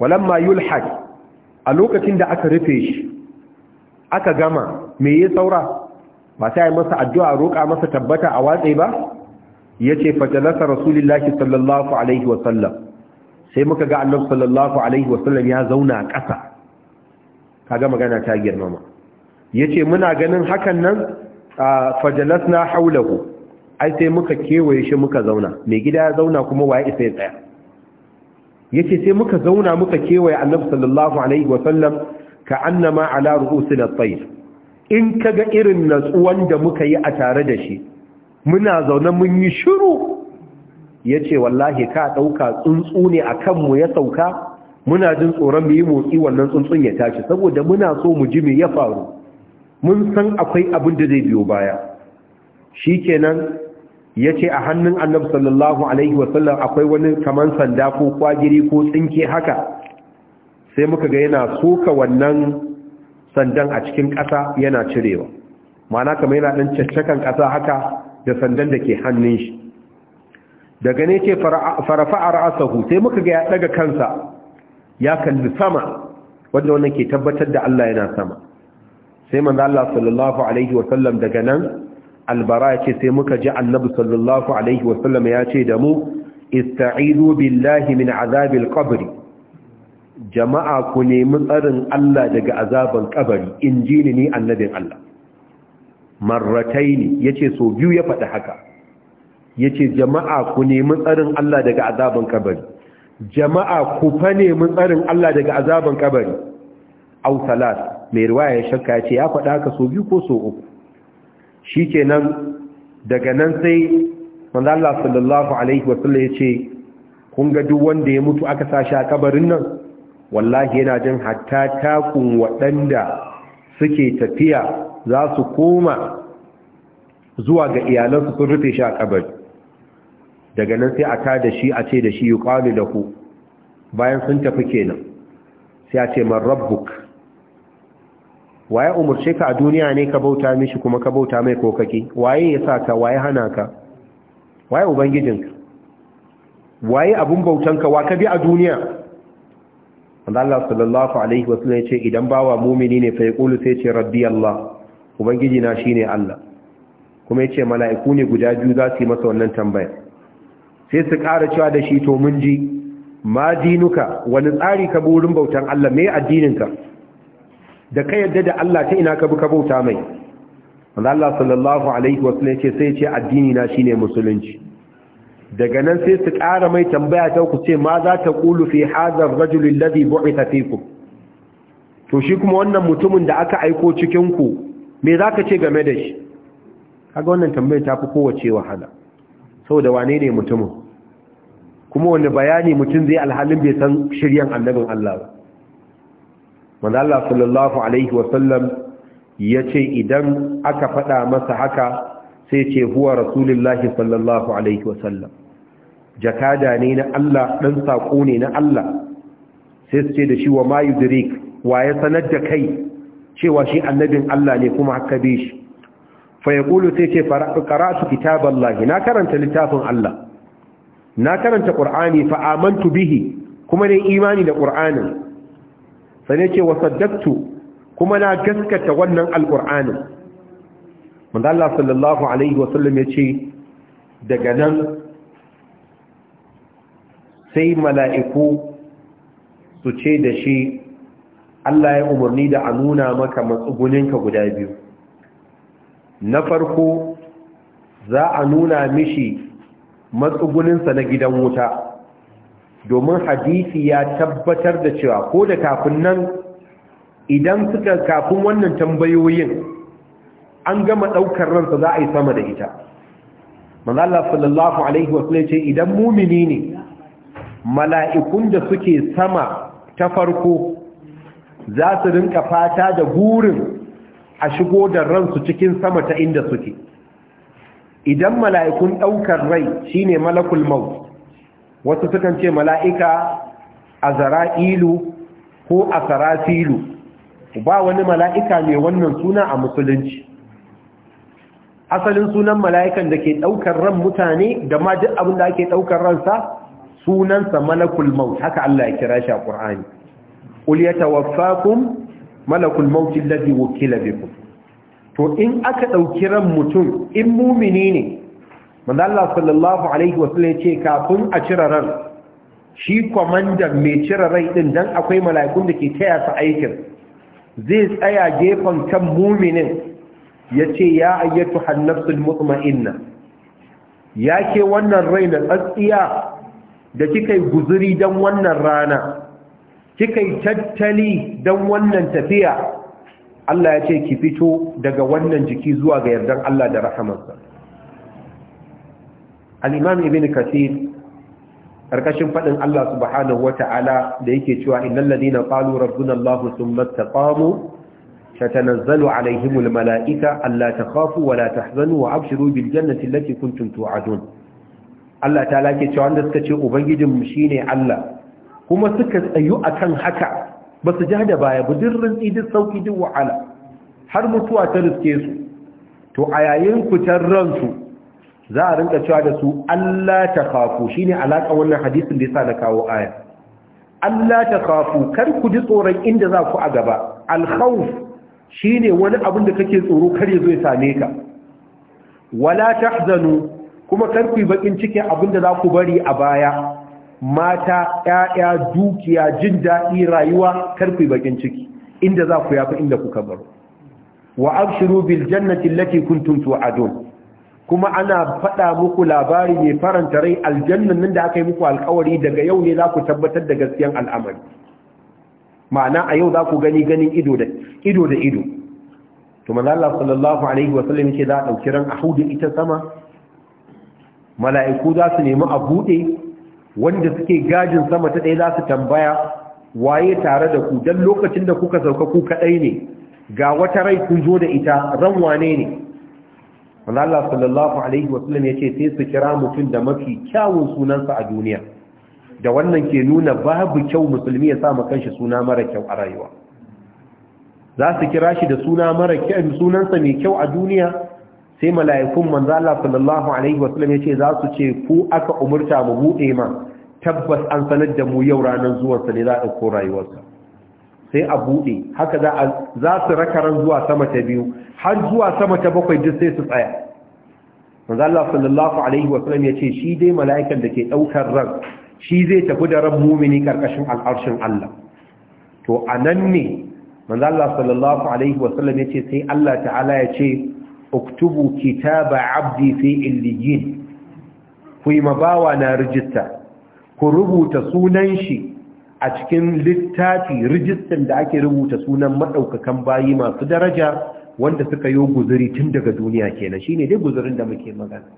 walamma yulhaq a lokacin da aka rufe shi aka gama me ya saura ba sai masa addu'a roƙa masa tabbata a watsai ba yace fajalasa rasulullahi sallallahu alaihi wa sallam sai muka ga annabi sallallahu alaihi wa sallam ya zauna ƙasa kaga magana ta girmama yace muna ganin hakan nan fajalasna haulahu ai sai muka kewaye shi muka zauna Me gida ya zauna kuma waye isa ya tsaya yace sai muka zauna muka kewaye annabi sallallahu alaihi wa sallam ka annama ala ru'usil tayr in kaga irin natsuwan da muka yi a tare da shi muna zaune mun yi shiru yace wallahi ka dauka tsuntsu ne akan mu ya sauka muna jin tsoron mu yi motsi wannan tsuntsun ya tashi saboda muna so mu ji me ya faru mun san akwai abin da zai biyo baya shikenan ya ce a hannun annabi sallallahu alaihi wasallam akwai wani kaman sanda ko kwagiri ko tsinke haka sai muka ga yana soka wannan sandan a cikin ƙasa yana cirewa mana kama yana ɗan caccakan ƙasa haka da sandan da ke hannun shi daga ne ce farafa a ra'asahu sai muka ga ya ɗaga kansa ya kalli sama wanda wannan ke tabbatar da Allah yana sama sai manzo Allah sallallahu alaihi wasallam daga nan albara ya ce sai muka ji annabi sallallahu alaihi wasallam ya ce da mu ista'idu billahi min azabil qabri jama'a ku nemi tsarin Allah daga azaban kabari in ji ni annabin Allah marrataini yace so biyu ya faɗi haka yace jama'a ku nemi tsarin Allah daga azaban kabari jama'a ku fa nemi tsarin Allah daga azaban kabari aw salat mai riwaya shakka yace ya faɗa haka so biyu ko so uku Shi nan, daga nan sai manzo Allah sallallahu alaihi wasallam ya ce kun ga duk wanda ya mutu aka sashi a kabarin nan wallahi yana jin hatta takun waɗanda suke tafiya za su koma zuwa ga iyalansu sun rufe shi a kabari daga nan sai a ta da shi a ce da shi yi ƙwali da ku bayan sun tafi kenan sai a ce man waye umurce ka a duniya ne ka bauta mishi kuma ka bauta mai kokaki? waye ya sa ka waye hana ka waye ka? waye abun bautan ka wa ka bi a duniya wanda Allah sallallahu alaihi wasallam ya ce idan bawa mumini ne fa yaqulu sai ce rabbi Allah ubangiji na shine Allah kuma ya ce mala'iku ne guda biyu za su yi masa wannan tambaya sai su ƙara cewa da shi to mun ji ma dinuka wani tsari ka burin bautan Allah addinin addininka da ka yadda da Allah ta ina ka bi ka bauta mai wanda Allah sallallahu alaihi wasallam ce sai ce addini na shine musulunci daga nan sai su ƙara mai tambaya ta ku ce ma za ta qulu fi hadha ar-rajul alladhi bu'itha fikum to shi kuma wannan mutumin da aka aiko cikin ku me zaka ce game da shi kaga wannan tambayar ta fi kowace wahala saboda wane ne mutumin kuma wanda bayani mutum zai alhalin bai san shiryan annabin Allah ba manzo Allah sallallahu alaihi wasallam ce idan aka faɗa masa haka sai ce huwa rasulullahi sallallahu alaihi wasallam jakada ne na Allah ɗan saƙo ne na Allah sai su ce da shi wa mayu yudrik wa ya sanar da kai cewa shi annabin Allah ne kuma haka bi shi fa yaqulu sai ce kitabar Lahi. na karanta littafin Allah na karanta ƙur'ani fa bihi kuma ne imani da ƙur'anin sai yake wa saddaqtu kuma na gaskata wannan alqur'anin manzo Allah sallallahu alaihi wasallam yace daga nan sai mala'iku su ce da shi Allah ya umarni da a nuna maka matsuguninka guda biyu na farko za a nuna mishi matsuguninsa na gidan wuta domin hadisi ya tabbatar da cewa ko da kafin nan idan suka kafin wannan tambayoyin an gama daukar ransa za a yi sama da ita manzo Allah sallallahu alaihi wasallam ce idan mumini ne mala'ikun da suke sama ta farko za su rinka fata da burin a shigo da ransu cikin sama ta inda suke idan mala'ikun daukar rai shine malakul maut wasu sukan ce mala'ika a zara'ilu ko a sarasilu ba wani mala'ika ne wannan suna a musulunci asalin sunan mala'ikan da ke ɗaukar ran mutane da ma duk abin da ake ɗaukar ransa sunansa malakul maut haka Allah ya kira shi a ƙur'ani ƙul ya malakul mautin lafi wakila to in aka ɗauki ran mutum in mumini ne manda Allah sallallahu alaihi wa ya yace kafin a cire shi kwamandan mai cire rai din dan akwai mala'ikun da ke taya su aikin zai tsaya gefen kan muminin ce ya ayyatu hannafsul mutma'inna ya ke wannan rai na tsatsiya da kika yi guzuri don wannan rana kika yi tattali don wannan tafiya Allah ya ce ki fito daga wannan jiki zuwa ga yardan Allah da rahamansa. al-imam ibn kathir karkashin fadin Allah subhanahu wata'ala da yake cewa innal ladina qalu rabbuna Allah thumma istaqamu tatanazzalu alaihimul mala'ika alla takhafu wa la tahzanu wa abshiru bil jannati allati kuntum tu'adun Allah ta lake cewa wanda suka ce mu shine Allah kuma suka tsayu akan haka ba su da baya budurrin idin sauki duk har mutuwa ta riske su to a yayin fitar ransu za a rinka cewa da su Allah ta kafu shine alaka wannan hadisin da sa na kawo aya Allah ta kafu kar ku ji tsoron inda za ku a gaba al shi shine wani abin da kake tsoro kar ya zo ya same ka wala zanu kuma kar ku yi bakin cikin abin da za ku bari a baya mata ƴaƴa dukiya jin daɗi rayuwa kar ku yi bakin ciki inda za ku yafi inda kuka baro wa abshiru bil jannati allati kuntum tu'adun kuma ana faɗa muku labari mai faranta rai aljanna nan da aka yi muku alkawari daga yau ne za ku tabbatar da gaskiyan al'amari ma'ana a yau za ku gani ganin ido da ido da ido to manzo sallallahu alaihi wa sallam yake za a dauki ran ahudu ita sama mala'iku za su nemi a bude wanda suke gajin sama ta ɗaya za su tambaya waye tare da ku dan lokacin da kuka sauka ku kaɗai ne ga wata rai kun zo da ita ran wane ne wanda Allah sallallahu alaihi wasallam ya ce sai su kira mutum da mafi kyawun sunansa a duniya da wannan ke nuna babu kyau musulmi ya sa kanshi suna mara kyau a rayuwa za su kira shi da suna mara kyau sunansa mai kyau a duniya sai mala'ikun manza Allah sallallahu alaihi wasallam ya ce za su ce ku aka umarta mu buɗe ma tabbas an sanar da mu yau ranar zuwansa ne za a ko rayuwarsa sai a buɗe haka za su ran zuwa sama ta biyu har zuwa sama ta bakwai duk sai su tsaya manzala sallallahu alaihi wasallam ya ce shi dai mala'ikan da ke ɗaukar ran shi zai tafi da ran mumini ƙarƙashin al'arshin Allah to a nan ne manzala sallallahu alaihi wasallam ya ce sai Allah ta'ala ya ce uktubu kitaba abdi fi illiyin ku yi mabawa na rijista ku rubuta sunan shi a cikin littafi rijistan da ake rubuta sunan maɗaukakan bayi masu daraja wanda suka yi guzuri tun daga duniya kenan shine dai guzurin da muke magana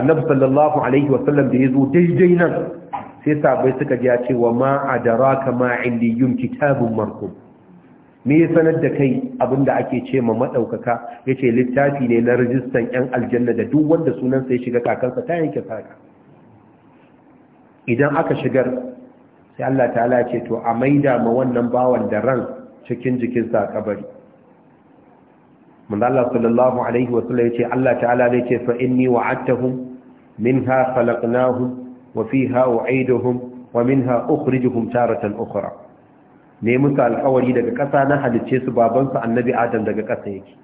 annabi sallallahu alaihi wasallam da yazo daidai nan sai sabai suka ji ce wa ma adraka ma indiyun kitabun marqum me ya sanar da kai abinda ake ce ma madaukaka yace littafi ne na rijistan yan aljanna da duk wanda sunan ya shiga kakansa ta yanke saka idan aka shigar sai Allah ta'ala ce to a maida ma wannan bawan da ran cikin jikinsa a kabari Allah sallallahu alaihi wa sallam yace Allah ta'ala zai ce fa inni wa'adtahum minha khalaqnahum wa fiha u'iduhum wa minha ukhrijuhum taratan ukhra ne musu alƙawari daga ƙasa na halicce su babansu annabi adam daga ƙasa yake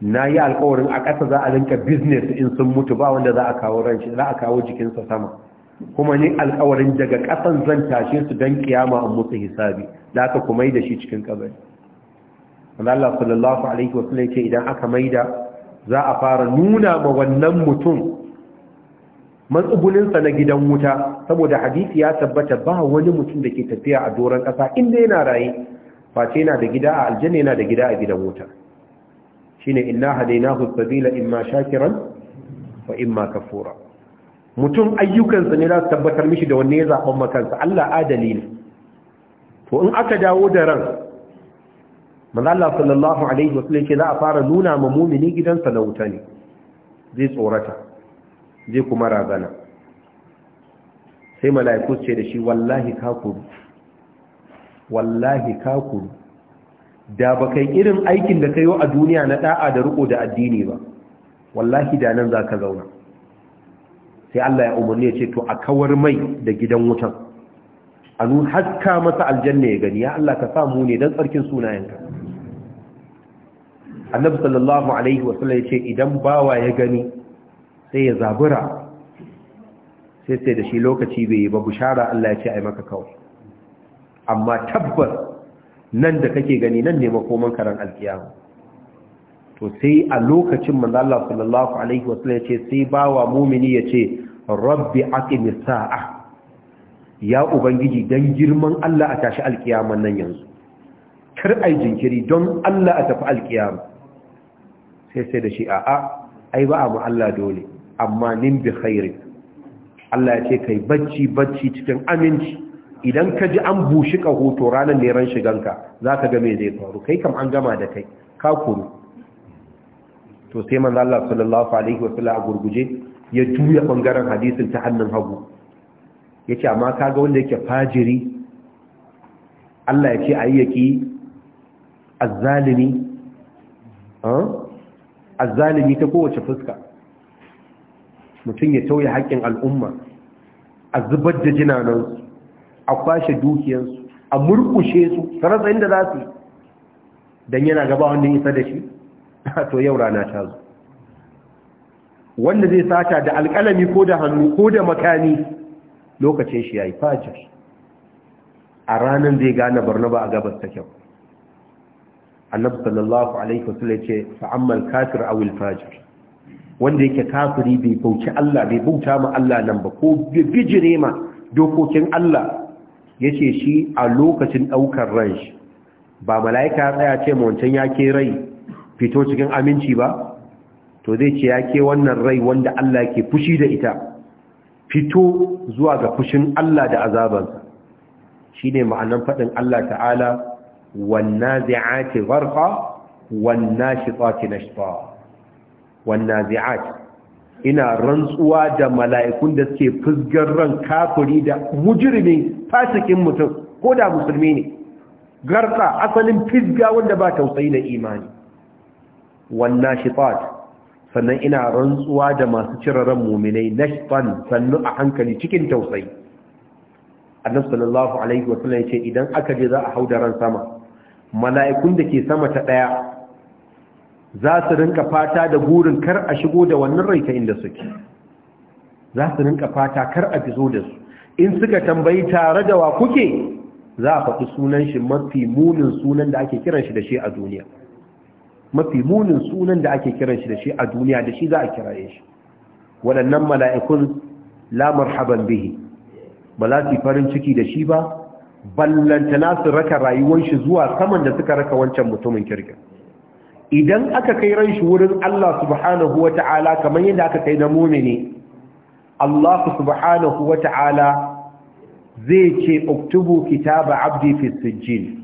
na yi alƙawarin a ƙasa za a rinka business in sun mutu ba wanda za a kawo ranshi za a kawo jikinsa sama kuma ni alƙawarin daga ƙasan zan tashe su don kiyama an musu hisabi da aka kuma da shi cikin kabari Allah sallallahu alaihi wasallam ce idan aka maida za a fara nuna ma wannan mutum matsuguninsa na gidan wuta saboda hadisi ya tabbata ba wani mutum da ke tafiya a doron ƙasa inda yana raye face yana da gida a aljanna yana da gida a gidan wuta shine inna hadainahu sabila imma shakiran wa imma kafura mutum ayyukansa ne za su tabbatar mishi da wanne ya zaɓen makansa Allah adali ne to in aka dawo da ran manzo sallallahu alaihi wasallam ce za a fara nuna ma mumini gidansa na wuta ne zai tsorata zai kuma razana sai mala'iku ce da shi wallahi kakuru wallahi kakuru da ba kai irin aikin da ka yi a duniya na da'a da riko da addini ba wallahi da nan za ka zauna sai Allah ya umarni ya ce to a kawar mai da gidan wutan a nun haska masa aljanna ya gani ya Allah ka samu ne don tsarkin sunayenka annabi sallallahu alaihi wasallam ya ce idan bawa ya gani sai ya zabura sai sai da shi lokaci bai yi ba bushara Allah ya ce ai maka kawai amma tabbas nan da kake gani nan ne makoman karan alkiyama to sai a lokacin manzo Allah sallallahu alaihi wasallam ya ce sai bawa mumini ya ce rabbi aqimi sa'a ya ubangiji dan girman Allah a tashi alkiyama nan yanzu kar ai jinkiri don Allah a tafi alkiyama sai sai da shi a'a ai ba mu Allah dole amma nin bi khairin Allah ya ce kai bacci bacci cikin aminci idan ka ji an bushi ka hoto ranar neran shiganka za ka ga me zai faru kai kam an gama da kai ka kuru to sai manzo Allah sallallahu alaihi wa a gurguje ya juya bangaren hadisin ta hannun hagu yace amma kaga wanda yake fajiri Allah yace ayyaki azzalimi ah azzalimi ta kowace fuska mutum ya tauye haƙƙin al'umma a da jinanan a kwashe dukiyarsu a murkushe su sarasa da za su Dan yana gaba wanda isa da shi to yau rana ta zo wanda zai sata da alƙalami ko da hannu ko da makani lokacin shi yayi fajar a ranan zai gane barnaba a gabas ta kyau annabi sallallahu alaihi wasallam ce fa kafir aw al fajar wanda yake kafiri bai bauci Allah bai bauta ma Allah nan ba ko bijire ma dokokin Allah yace shi a lokacin ɗaukar ran shi ba malaika ya tsaya ce mu wancan ya ke rai fito cikin aminci ba to zai ce ya ke wannan rai wanda Allah ke fushi da ita fito zuwa ga fushin Allah da azabansa shi ne ma'anar faɗin Allah ta'ala wanna zi'ati gharqa wanna wanna ina rantsuwa da mala'ikun da suke fusgar ran kafuri da mujrimin fasikin mutum ko da musulmi ne garka asalin fisga wanda ba tausayi da imani wannan shitat sannan ina rantsuwa da masu ciraran muminai na nashtan sannu a hankali cikin tausayi annab sallallahu alaihi wa sallam yace idan aka je za a hau da ran sama mala'ikun da ke sama ta daya za su rinka fata da burin kar a shigo da wannan rai ta inda suke za su rinka fata kar a fi da su in suka tambayi tare da wa kuke za a faɗi sunan shi mafi munin sunan da ake kiran shi da shi a duniya mafi munin sunan da ake kiran shi da shi a duniya da shi za a kiraye shi waɗannan mala'ikun lamarhaban bihi ba za su farin ciki da shi ba ballantana su raka rayuwar shi zuwa saman da suka raka wancan mutumin kirkin idan aka kai ran shi wurin Allah subhanahu ta'ala kamar yadda aka kai na mumini Allah subhanahu ta'ala zai ce uktubu kitaba abdi fi sijjin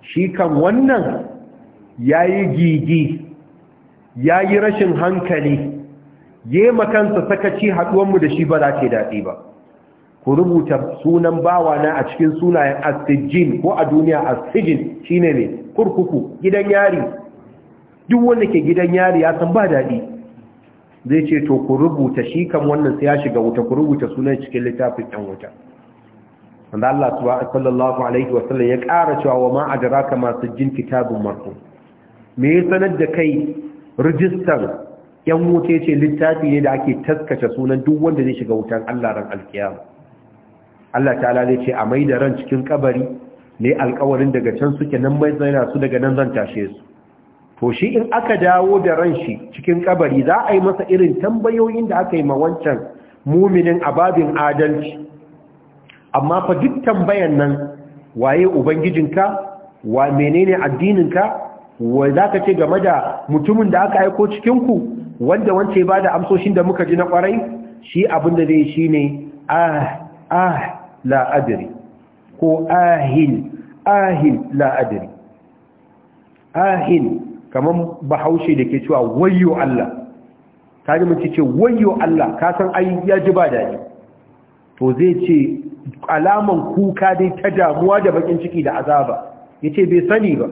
shi kan wannan ya yi gigi ya yi rashin hankali ya yi makansa sakaci haɗuwanmu da shi ba za ke daɗi ba ku rubuta sunan bawa na a cikin sunayen asijin ko a duniya asijin shi ne ne kurkuku gidan yari duk wanda ke gidan yari ya san ba daɗi zai ce to ku rubuta shi kan wannan sai ya shiga wuta ku rubuta sunan cikin littafin ɗan wuta wanda Allah sallallahu alaihi wasallam ya ƙara cewa wa ma adraka masu sijjin kitabun marhum me ya sanar da kai rijistar yan wuce ce littafi ne da ake taskace sunan duk wanda zai shiga wutan Allah ran alkiyama Allah ta'ala zai ce a mai da ran cikin kabari ne alkawarin daga can suke nan mai zaina su daga nan zan tashe su to shi in aka dawo da ran shi cikin kabari za a yi masa irin tambayoyin da aka yi ma wancan muminin ababin adalci amma fa duk tambayan nan waye ubangijinka wa menene addininka wa za ka ce game da mutumin da aka aiko cikinku wanda wance ba da amsoshin da muka ji na kwarai shi abin da zai shi ne ah ah ko ahil ahil la'adari. Ahin kamar bahaushe da ke cewa wayo Allah ta ji mace ce wayo Allah ka san ai ya ji ba daɗi to zai ce alaman kuka dai ta damuwa da bakin ciki da azaba ya ce bai sani ba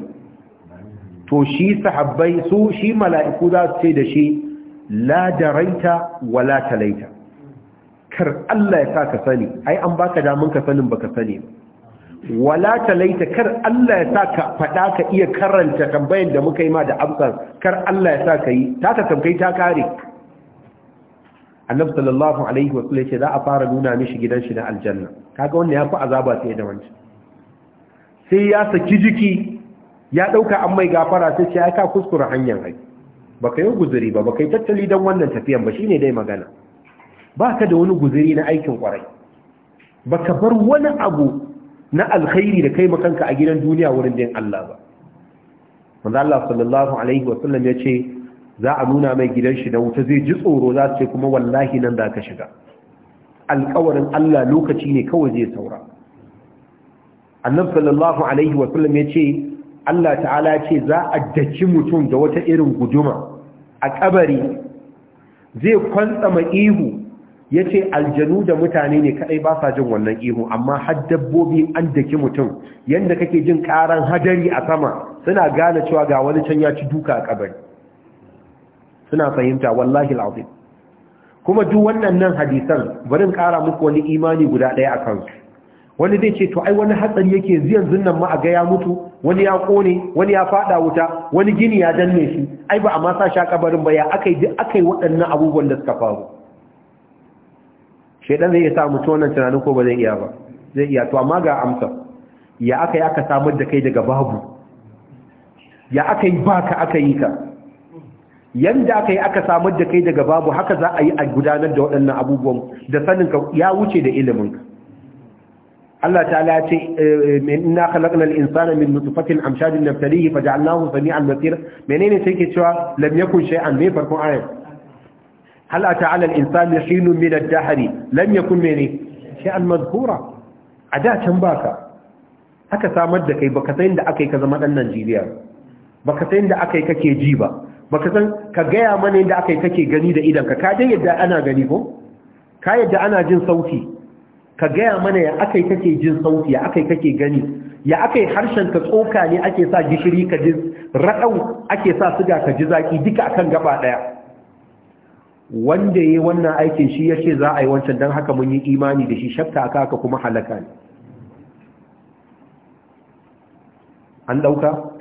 to shi sahabbai su shi mala'iku za su ce da shi la daraita wa la talaita kar Allah ya sa ka sani ai an baka damun ka sanin baka sani ba. talaita kar Allah ya sa ka fada ka iya karanta tambayan da muka yi ma da amsar kar Allah ya sa ka yi ta ka tamkai ta kare annabi sallallahu alaihi wa sallam a fara nuna mishi gidan shi na aljanna kaga wannan ya fi azaba sai da wancan sai ya saki jiki ya ɗauka an mai gafara sai ce aika ka kuskura hanyar Ba ka yi guzuri ba ba ka yi tattali don wannan tafiyan ba Shi ne dai magana Ba ka da wani guzuri na aikin kwarai ka bar wani abu na alkhairi da kai makanka a gidan duniya wurin din Allah ba manzo Allah sallallahu alaihi wa sallam ce, za a nuna mai gidan shi da wuta zai ji tsoro za su ce kuma wallahi nan za ka shiga alkawarin Allah lokaci ne kawai zai saura annabi sallallahu alaihi wa sallam yace Allah ta'ala ce za a daki mutum da wata irin guduma a kabari zai kwantsama ihu ya ce aljanu da mutane ne kadai ba sa jin wannan ihu amma har dabbobi an daki mutum yadda kake jin karan hadari a sama suna gane cewa ga wani can ya ci duka a kabari suna fahimta wallahi al'azim kuma duk wannan nan hadisan barin kara muku wani imani guda ɗaya akan kansu wani zai ce to ai wani hatsari yake yanzu nan ma a ga ya mutu wani ya kone wani ya fada wuta wani gini ya danne shi ai ba a ma sa sha kabarin ba ya akai duk akai waɗannan abubuwan da suka faru shedan zai iya sa mutu wannan tunanin ko ba zai iya ba zai iya to amma ga amsa ya akai aka samar da kai daga babu ya akai baka aka yi ka yanda aka yi aka samar da kai daga babu haka za a yi a gudanar da waɗannan abubuwan da saninka ya wuce da iliminka Allah ta'ala ce eh, eh, inna khalaqna al-insana min nutfatin amshajin nabtalihi faj'alnahu sami'an basira menene sai ke cewa lam yakun shay'an me farkon ayat hal ta'ala al-insanu hinun min ad-dahr lam yakun mene shay'an madhkura a da can baka aka samar da kai baka san da akai ka zama dan Najeriya baka san da akai kake ji ba baka san ka gaya mana inda akai kake gani da idan ka ka yadda ana gani ko ka yadda ana jin sauti ka gaya mana ya yi kake jin sauti ya yi kake gani ya yi harshen ka tsoka ne ake sa gishiri ka ji raɗau ake sa suga ka ji zaki duka akan gaba ɗaya wanda yi wannan aikin shi ya ce za a yi wancan don haka mun yi imani da shi shakka aka aka kuma halaka ne an ɗauka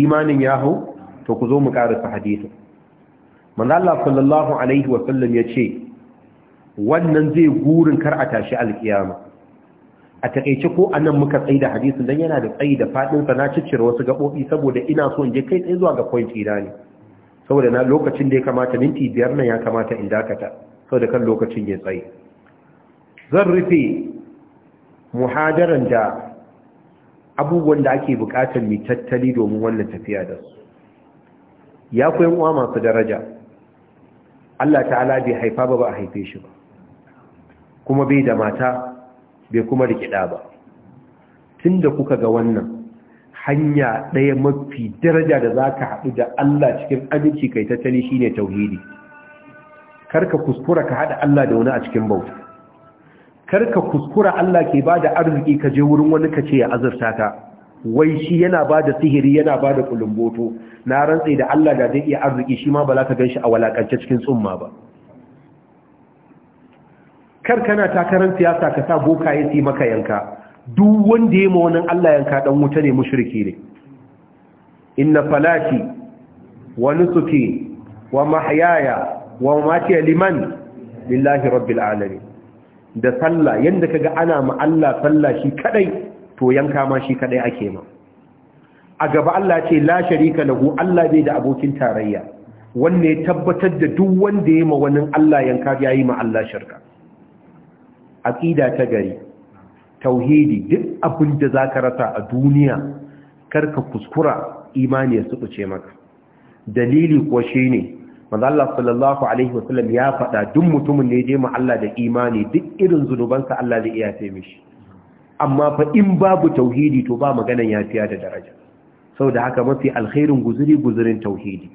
imanin ya hau to ku zo mu ƙarasa hadisa manzala sallallahu alaihi wasallam ya ce wannan zai gurin kar a tashi alkiyama a takeice ko anan muka tsayi da hadisin dan yana da tsayi da fadin sa na ciccire wasu gabobi saboda ina so in je kai tsaye zuwa ga point ina ne saboda na lokacin da ya kamata minti biyar nan ya kamata in dakata saboda kan lokacin ya tsayi zan rufe muhadaran da abubuwan da ake bukatar mai tattali domin wannan tafiya da su ya koyan uwa masu daraja Allah ta'ala bai haifa ba ba a haife shi ba kuma bai da mata bai kuma da rikida ba Tun da kuka ga wannan hanya ɗaya mafi daraja da za ka haɗu da Allah cikin aminci kai tattali ne tauhidi karka kuskura ka haɗa Allah da wani a cikin bauta karka kuskura Allah ke ba da arziki ka je wurin wani ka ce ya azurta ka wai shi yana ba da sihiri yana ba da kulumboto na rantse da Allah da zai iya arziki shi ma ba za ka gan shi a walakance cikin tsumma ba kar kana takarar siyasa ka sa ya su maka yanka duk wanda ya ma wannan Allah yanka dan wuta ne mushriki ne inna falati wa nusuki wa mahyaya wa mamati liman lillahi rabbil alamin da sallah yanda kaga ana ma Allah sallah shi kadai to yanka ma shi kadai ake ma a gaba Allah ce la sharika lahu Allah bai da abokin tarayya wanne ya tabbatar da duk wanda ya ma wani Allah yanka yayi ma Allah shirka aqida ta gari tauhidi duk abin da zaka rasa a duniya karka kuskura imani ya sukuce maka dalili kuwa shine manzo Allah sallallahu alaihi wasallam ya faɗa duk mutumin ne je mu Allah da imani duk irin zunubansa Allah zai iya tsaye mishi amma fa in babu tauhidi to ba maganan yafiya da daraja saboda haka mafi alkhairin guzuri guzurin tauhidi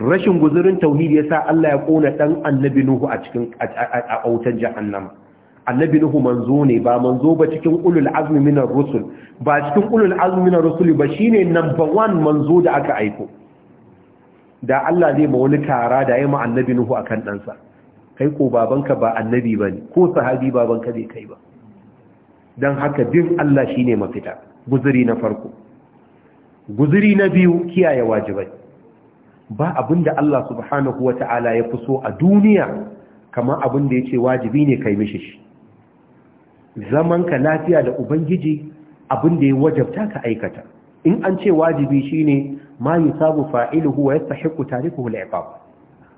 rashin guzurin tauhidi yasa Allah ya kona dan annabi Nuhu a cikin a autan jahannama annabi nuhu manzo ne ba manzo ba cikin ulul azmi minar rusul ba cikin ulul azmi minar rusul ba shine number 1 manzo da aka aiko da Allah zai ma wani tara da yayi ma annabi nuhu akan dan sa kai ko babanka ba annabi bane ko sahabi babanka bai kai ba dan haka din Allah shine mafita guzuri na farko guzuri na biyu kiyaye wajibai ba abinda Allah subhanahu wataala ya fi so a duniya kamar abin da ya ce wajibi ne kai mishi shi zaman ka lafiya da ubangiji abin da ya wajabta ka aikata in an ce wajibi shine ma yusabu fa'iluhu wa yastahiqu tarikuhu al'iqab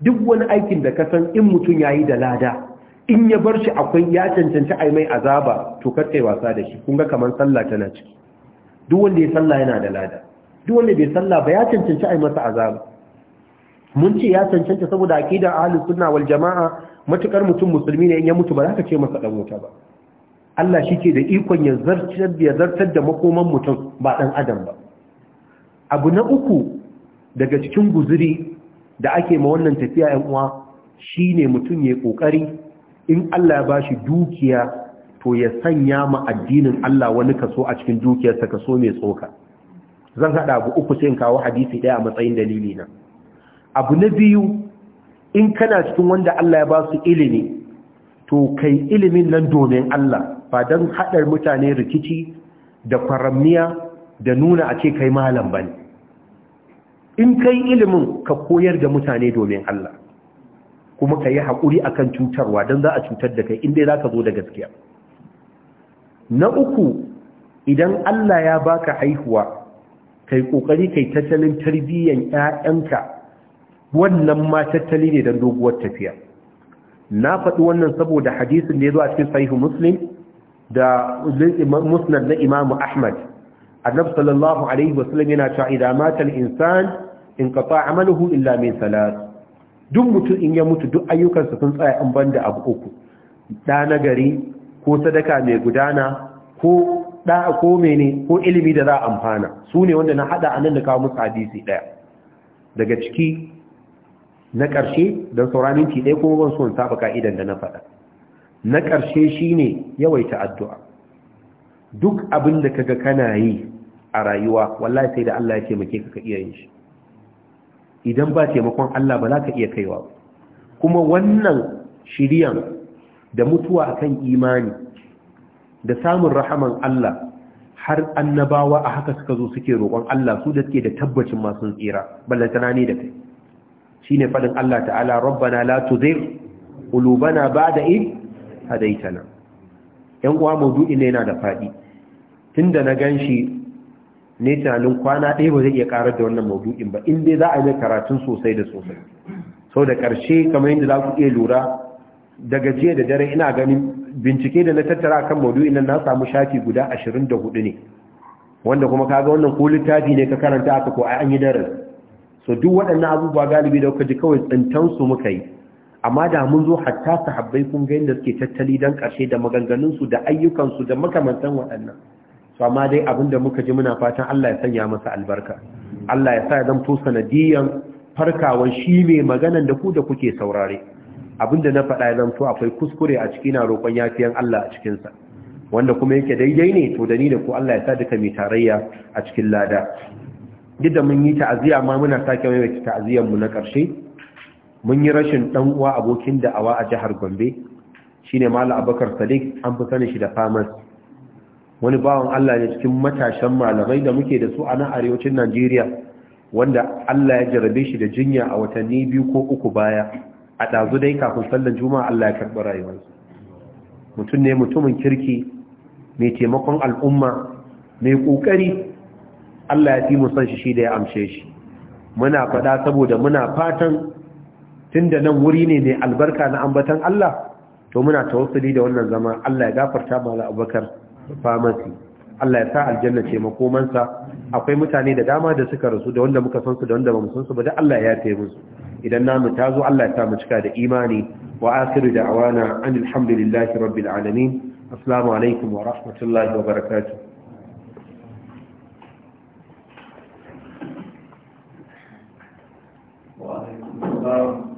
duk wani aikin da ka san in mutun yayi da lada in ya bar shi akwai ya cancanci ai mai azaba to kar tsaye wasa da shi kun ga kaman sallah tana ciki duk wanda ya sallah yana da lada duk wanda bai sallah ba ya cancanci ai masa azaba mun ce ya cancanta saboda aqidar ahlus sunna wal jamaa matukar mutum musulmi ne in ya mutu ba za ka ce masa dan wuta ba Allah shi ke da ikon ya zartar da makoman mutum ba ɗan adam ba abu na uku daga cikin guziri da ake ma wannan tafiya ‘yan uwa shi ne mutum ya ƙoƙari in Allah ya ba shi dukiya to ya sanya ma addinin Allah wani kaso a cikin dukiyarsa kaso mai tsoka zan haɗa abu uku sai in kawo hadisi ɗaya a matsayin dalili na abu na biyu in kana cikin wanda Allah ya ba su ilimi to kai ilimin nan domin Allah ba don haɗar mutane rikici da kwaramniya da nuna a ce kai malam ba ne in kai ilimin ka koyar da mutane domin Allah kuma ka yi haƙuri a kan cutarwa don za a cutar da kai inda za ka zo da gaskiya na uku idan Allah ya baka haihuwa kai ƙoƙari kai tattalin tarbiyyar 'ya'yanka wannan ma tattali ne don doguwar tafiya na faɗi wannan saboda hadisin da ya zo a cikin sahihu muslim da musnad na imam ahmad annab sallallahu alaihi wasallam yana cewa idan mata insan in qata amaluhu illa min salat duk mutum in ya mutu duk ayyukansa sun tsaya an banda abu uku da na gari ko sadaka mai gudana ko da ko mene ko ilimi da za a amfana su ne wanda na hada anan da kawo musu hadisi daya daga ciki na ƙarshe don saura minti ɗaya kuma ban son saba ka'idan da na faɗa na ƙarshe shi shine yawaita addu'a duk abin da kaga kana yi a rayuwa wallahi sai da Allah ya taimake ka ka iya yin shi idan ba taimakon Allah ba za ka iya kaiwa kuma wannan shiriyan da mutuwa a kan imani da samun rahaman Allah har annabawa a haka suka zo suke roƙon Allah su da suke da tabbacin masu tsira ballantana ne da kai shine fadin Allah ta'ala rabbana la tuzigh qulubana ba'da id hadaytana yan uwa maudu'in ne yana da fadi tunda na ganshi ne tunanin kwana ɗaya ba zai iya karar da wannan maudu'in ba in dai za a yi karatun sosai da sosai sau da ƙarshe kamar yadda za ku iya lura daga jiya da dare ina ganin bincike da na tattara kan maudu'in nan na samu shafi guda da hudu ne wanda kuma kaga wannan ko littafi ne ka karanta aka ko an yi darasi so duk waɗannan abubuwa galibi da kuka ji kawai tsintan su muka yi amma da mun zo hatta sahabbai kun ga yadda suke tattali dan ƙarshe da maganganun su da ayyukan su da makamantan waɗannan so amma dai abin da muka ji muna fatan Allah ya sanya masa albarka Allah ya sa ya zanto sanadiyan farkawan shi mai maganan da ku da kuke saurare abin da na faɗa ya zanto akwai kuskure a ciki cikin roƙon yafiyan Allah a cikinsa wanda kuma yake daidai ne to da ni da ku Allah ya sa duka mai tarayya a cikin lada duk da mun yi ta'aziyya ma muna sake mai ta'aziyyar mu na ƙarshe mun yi rashin ɗan uwa abokin da awa a jihar Gombe shine Malam Abubakar Sadiq an fi sani shi da Famas wani bawan Allah ne cikin matashan malamai da muke da su a nan arewacin Najeriya wanda Allah ya jarabe shi da jinya a watanni biyu ko uku baya a ɗazu dai kafin sallar juma'a Allah ya karɓi rayuwarsa mutum ne mutumin kirki mai taimakon al'umma mai ƙoƙari Allah ya fi mu san shi shi da ya amshe shi muna faɗa saboda muna fatan tunda nan wuri ne mai albarka na ambatan Allah to muna tawassuli da wannan zama Allah ya gafarta mala Abubakar famasi Allah ya sa aljanna ce makomansa akwai mutane da dama da suka rasu da wanda muka san su da wanda bamu san su ba da Allah ya tayi musu idan namu ta zo Allah ya sa mu cika da imani wa akhiru da'wana alhamdulillahi rabbil alamin assalamu alaikum wa rahmatullahi wa barakatuh um,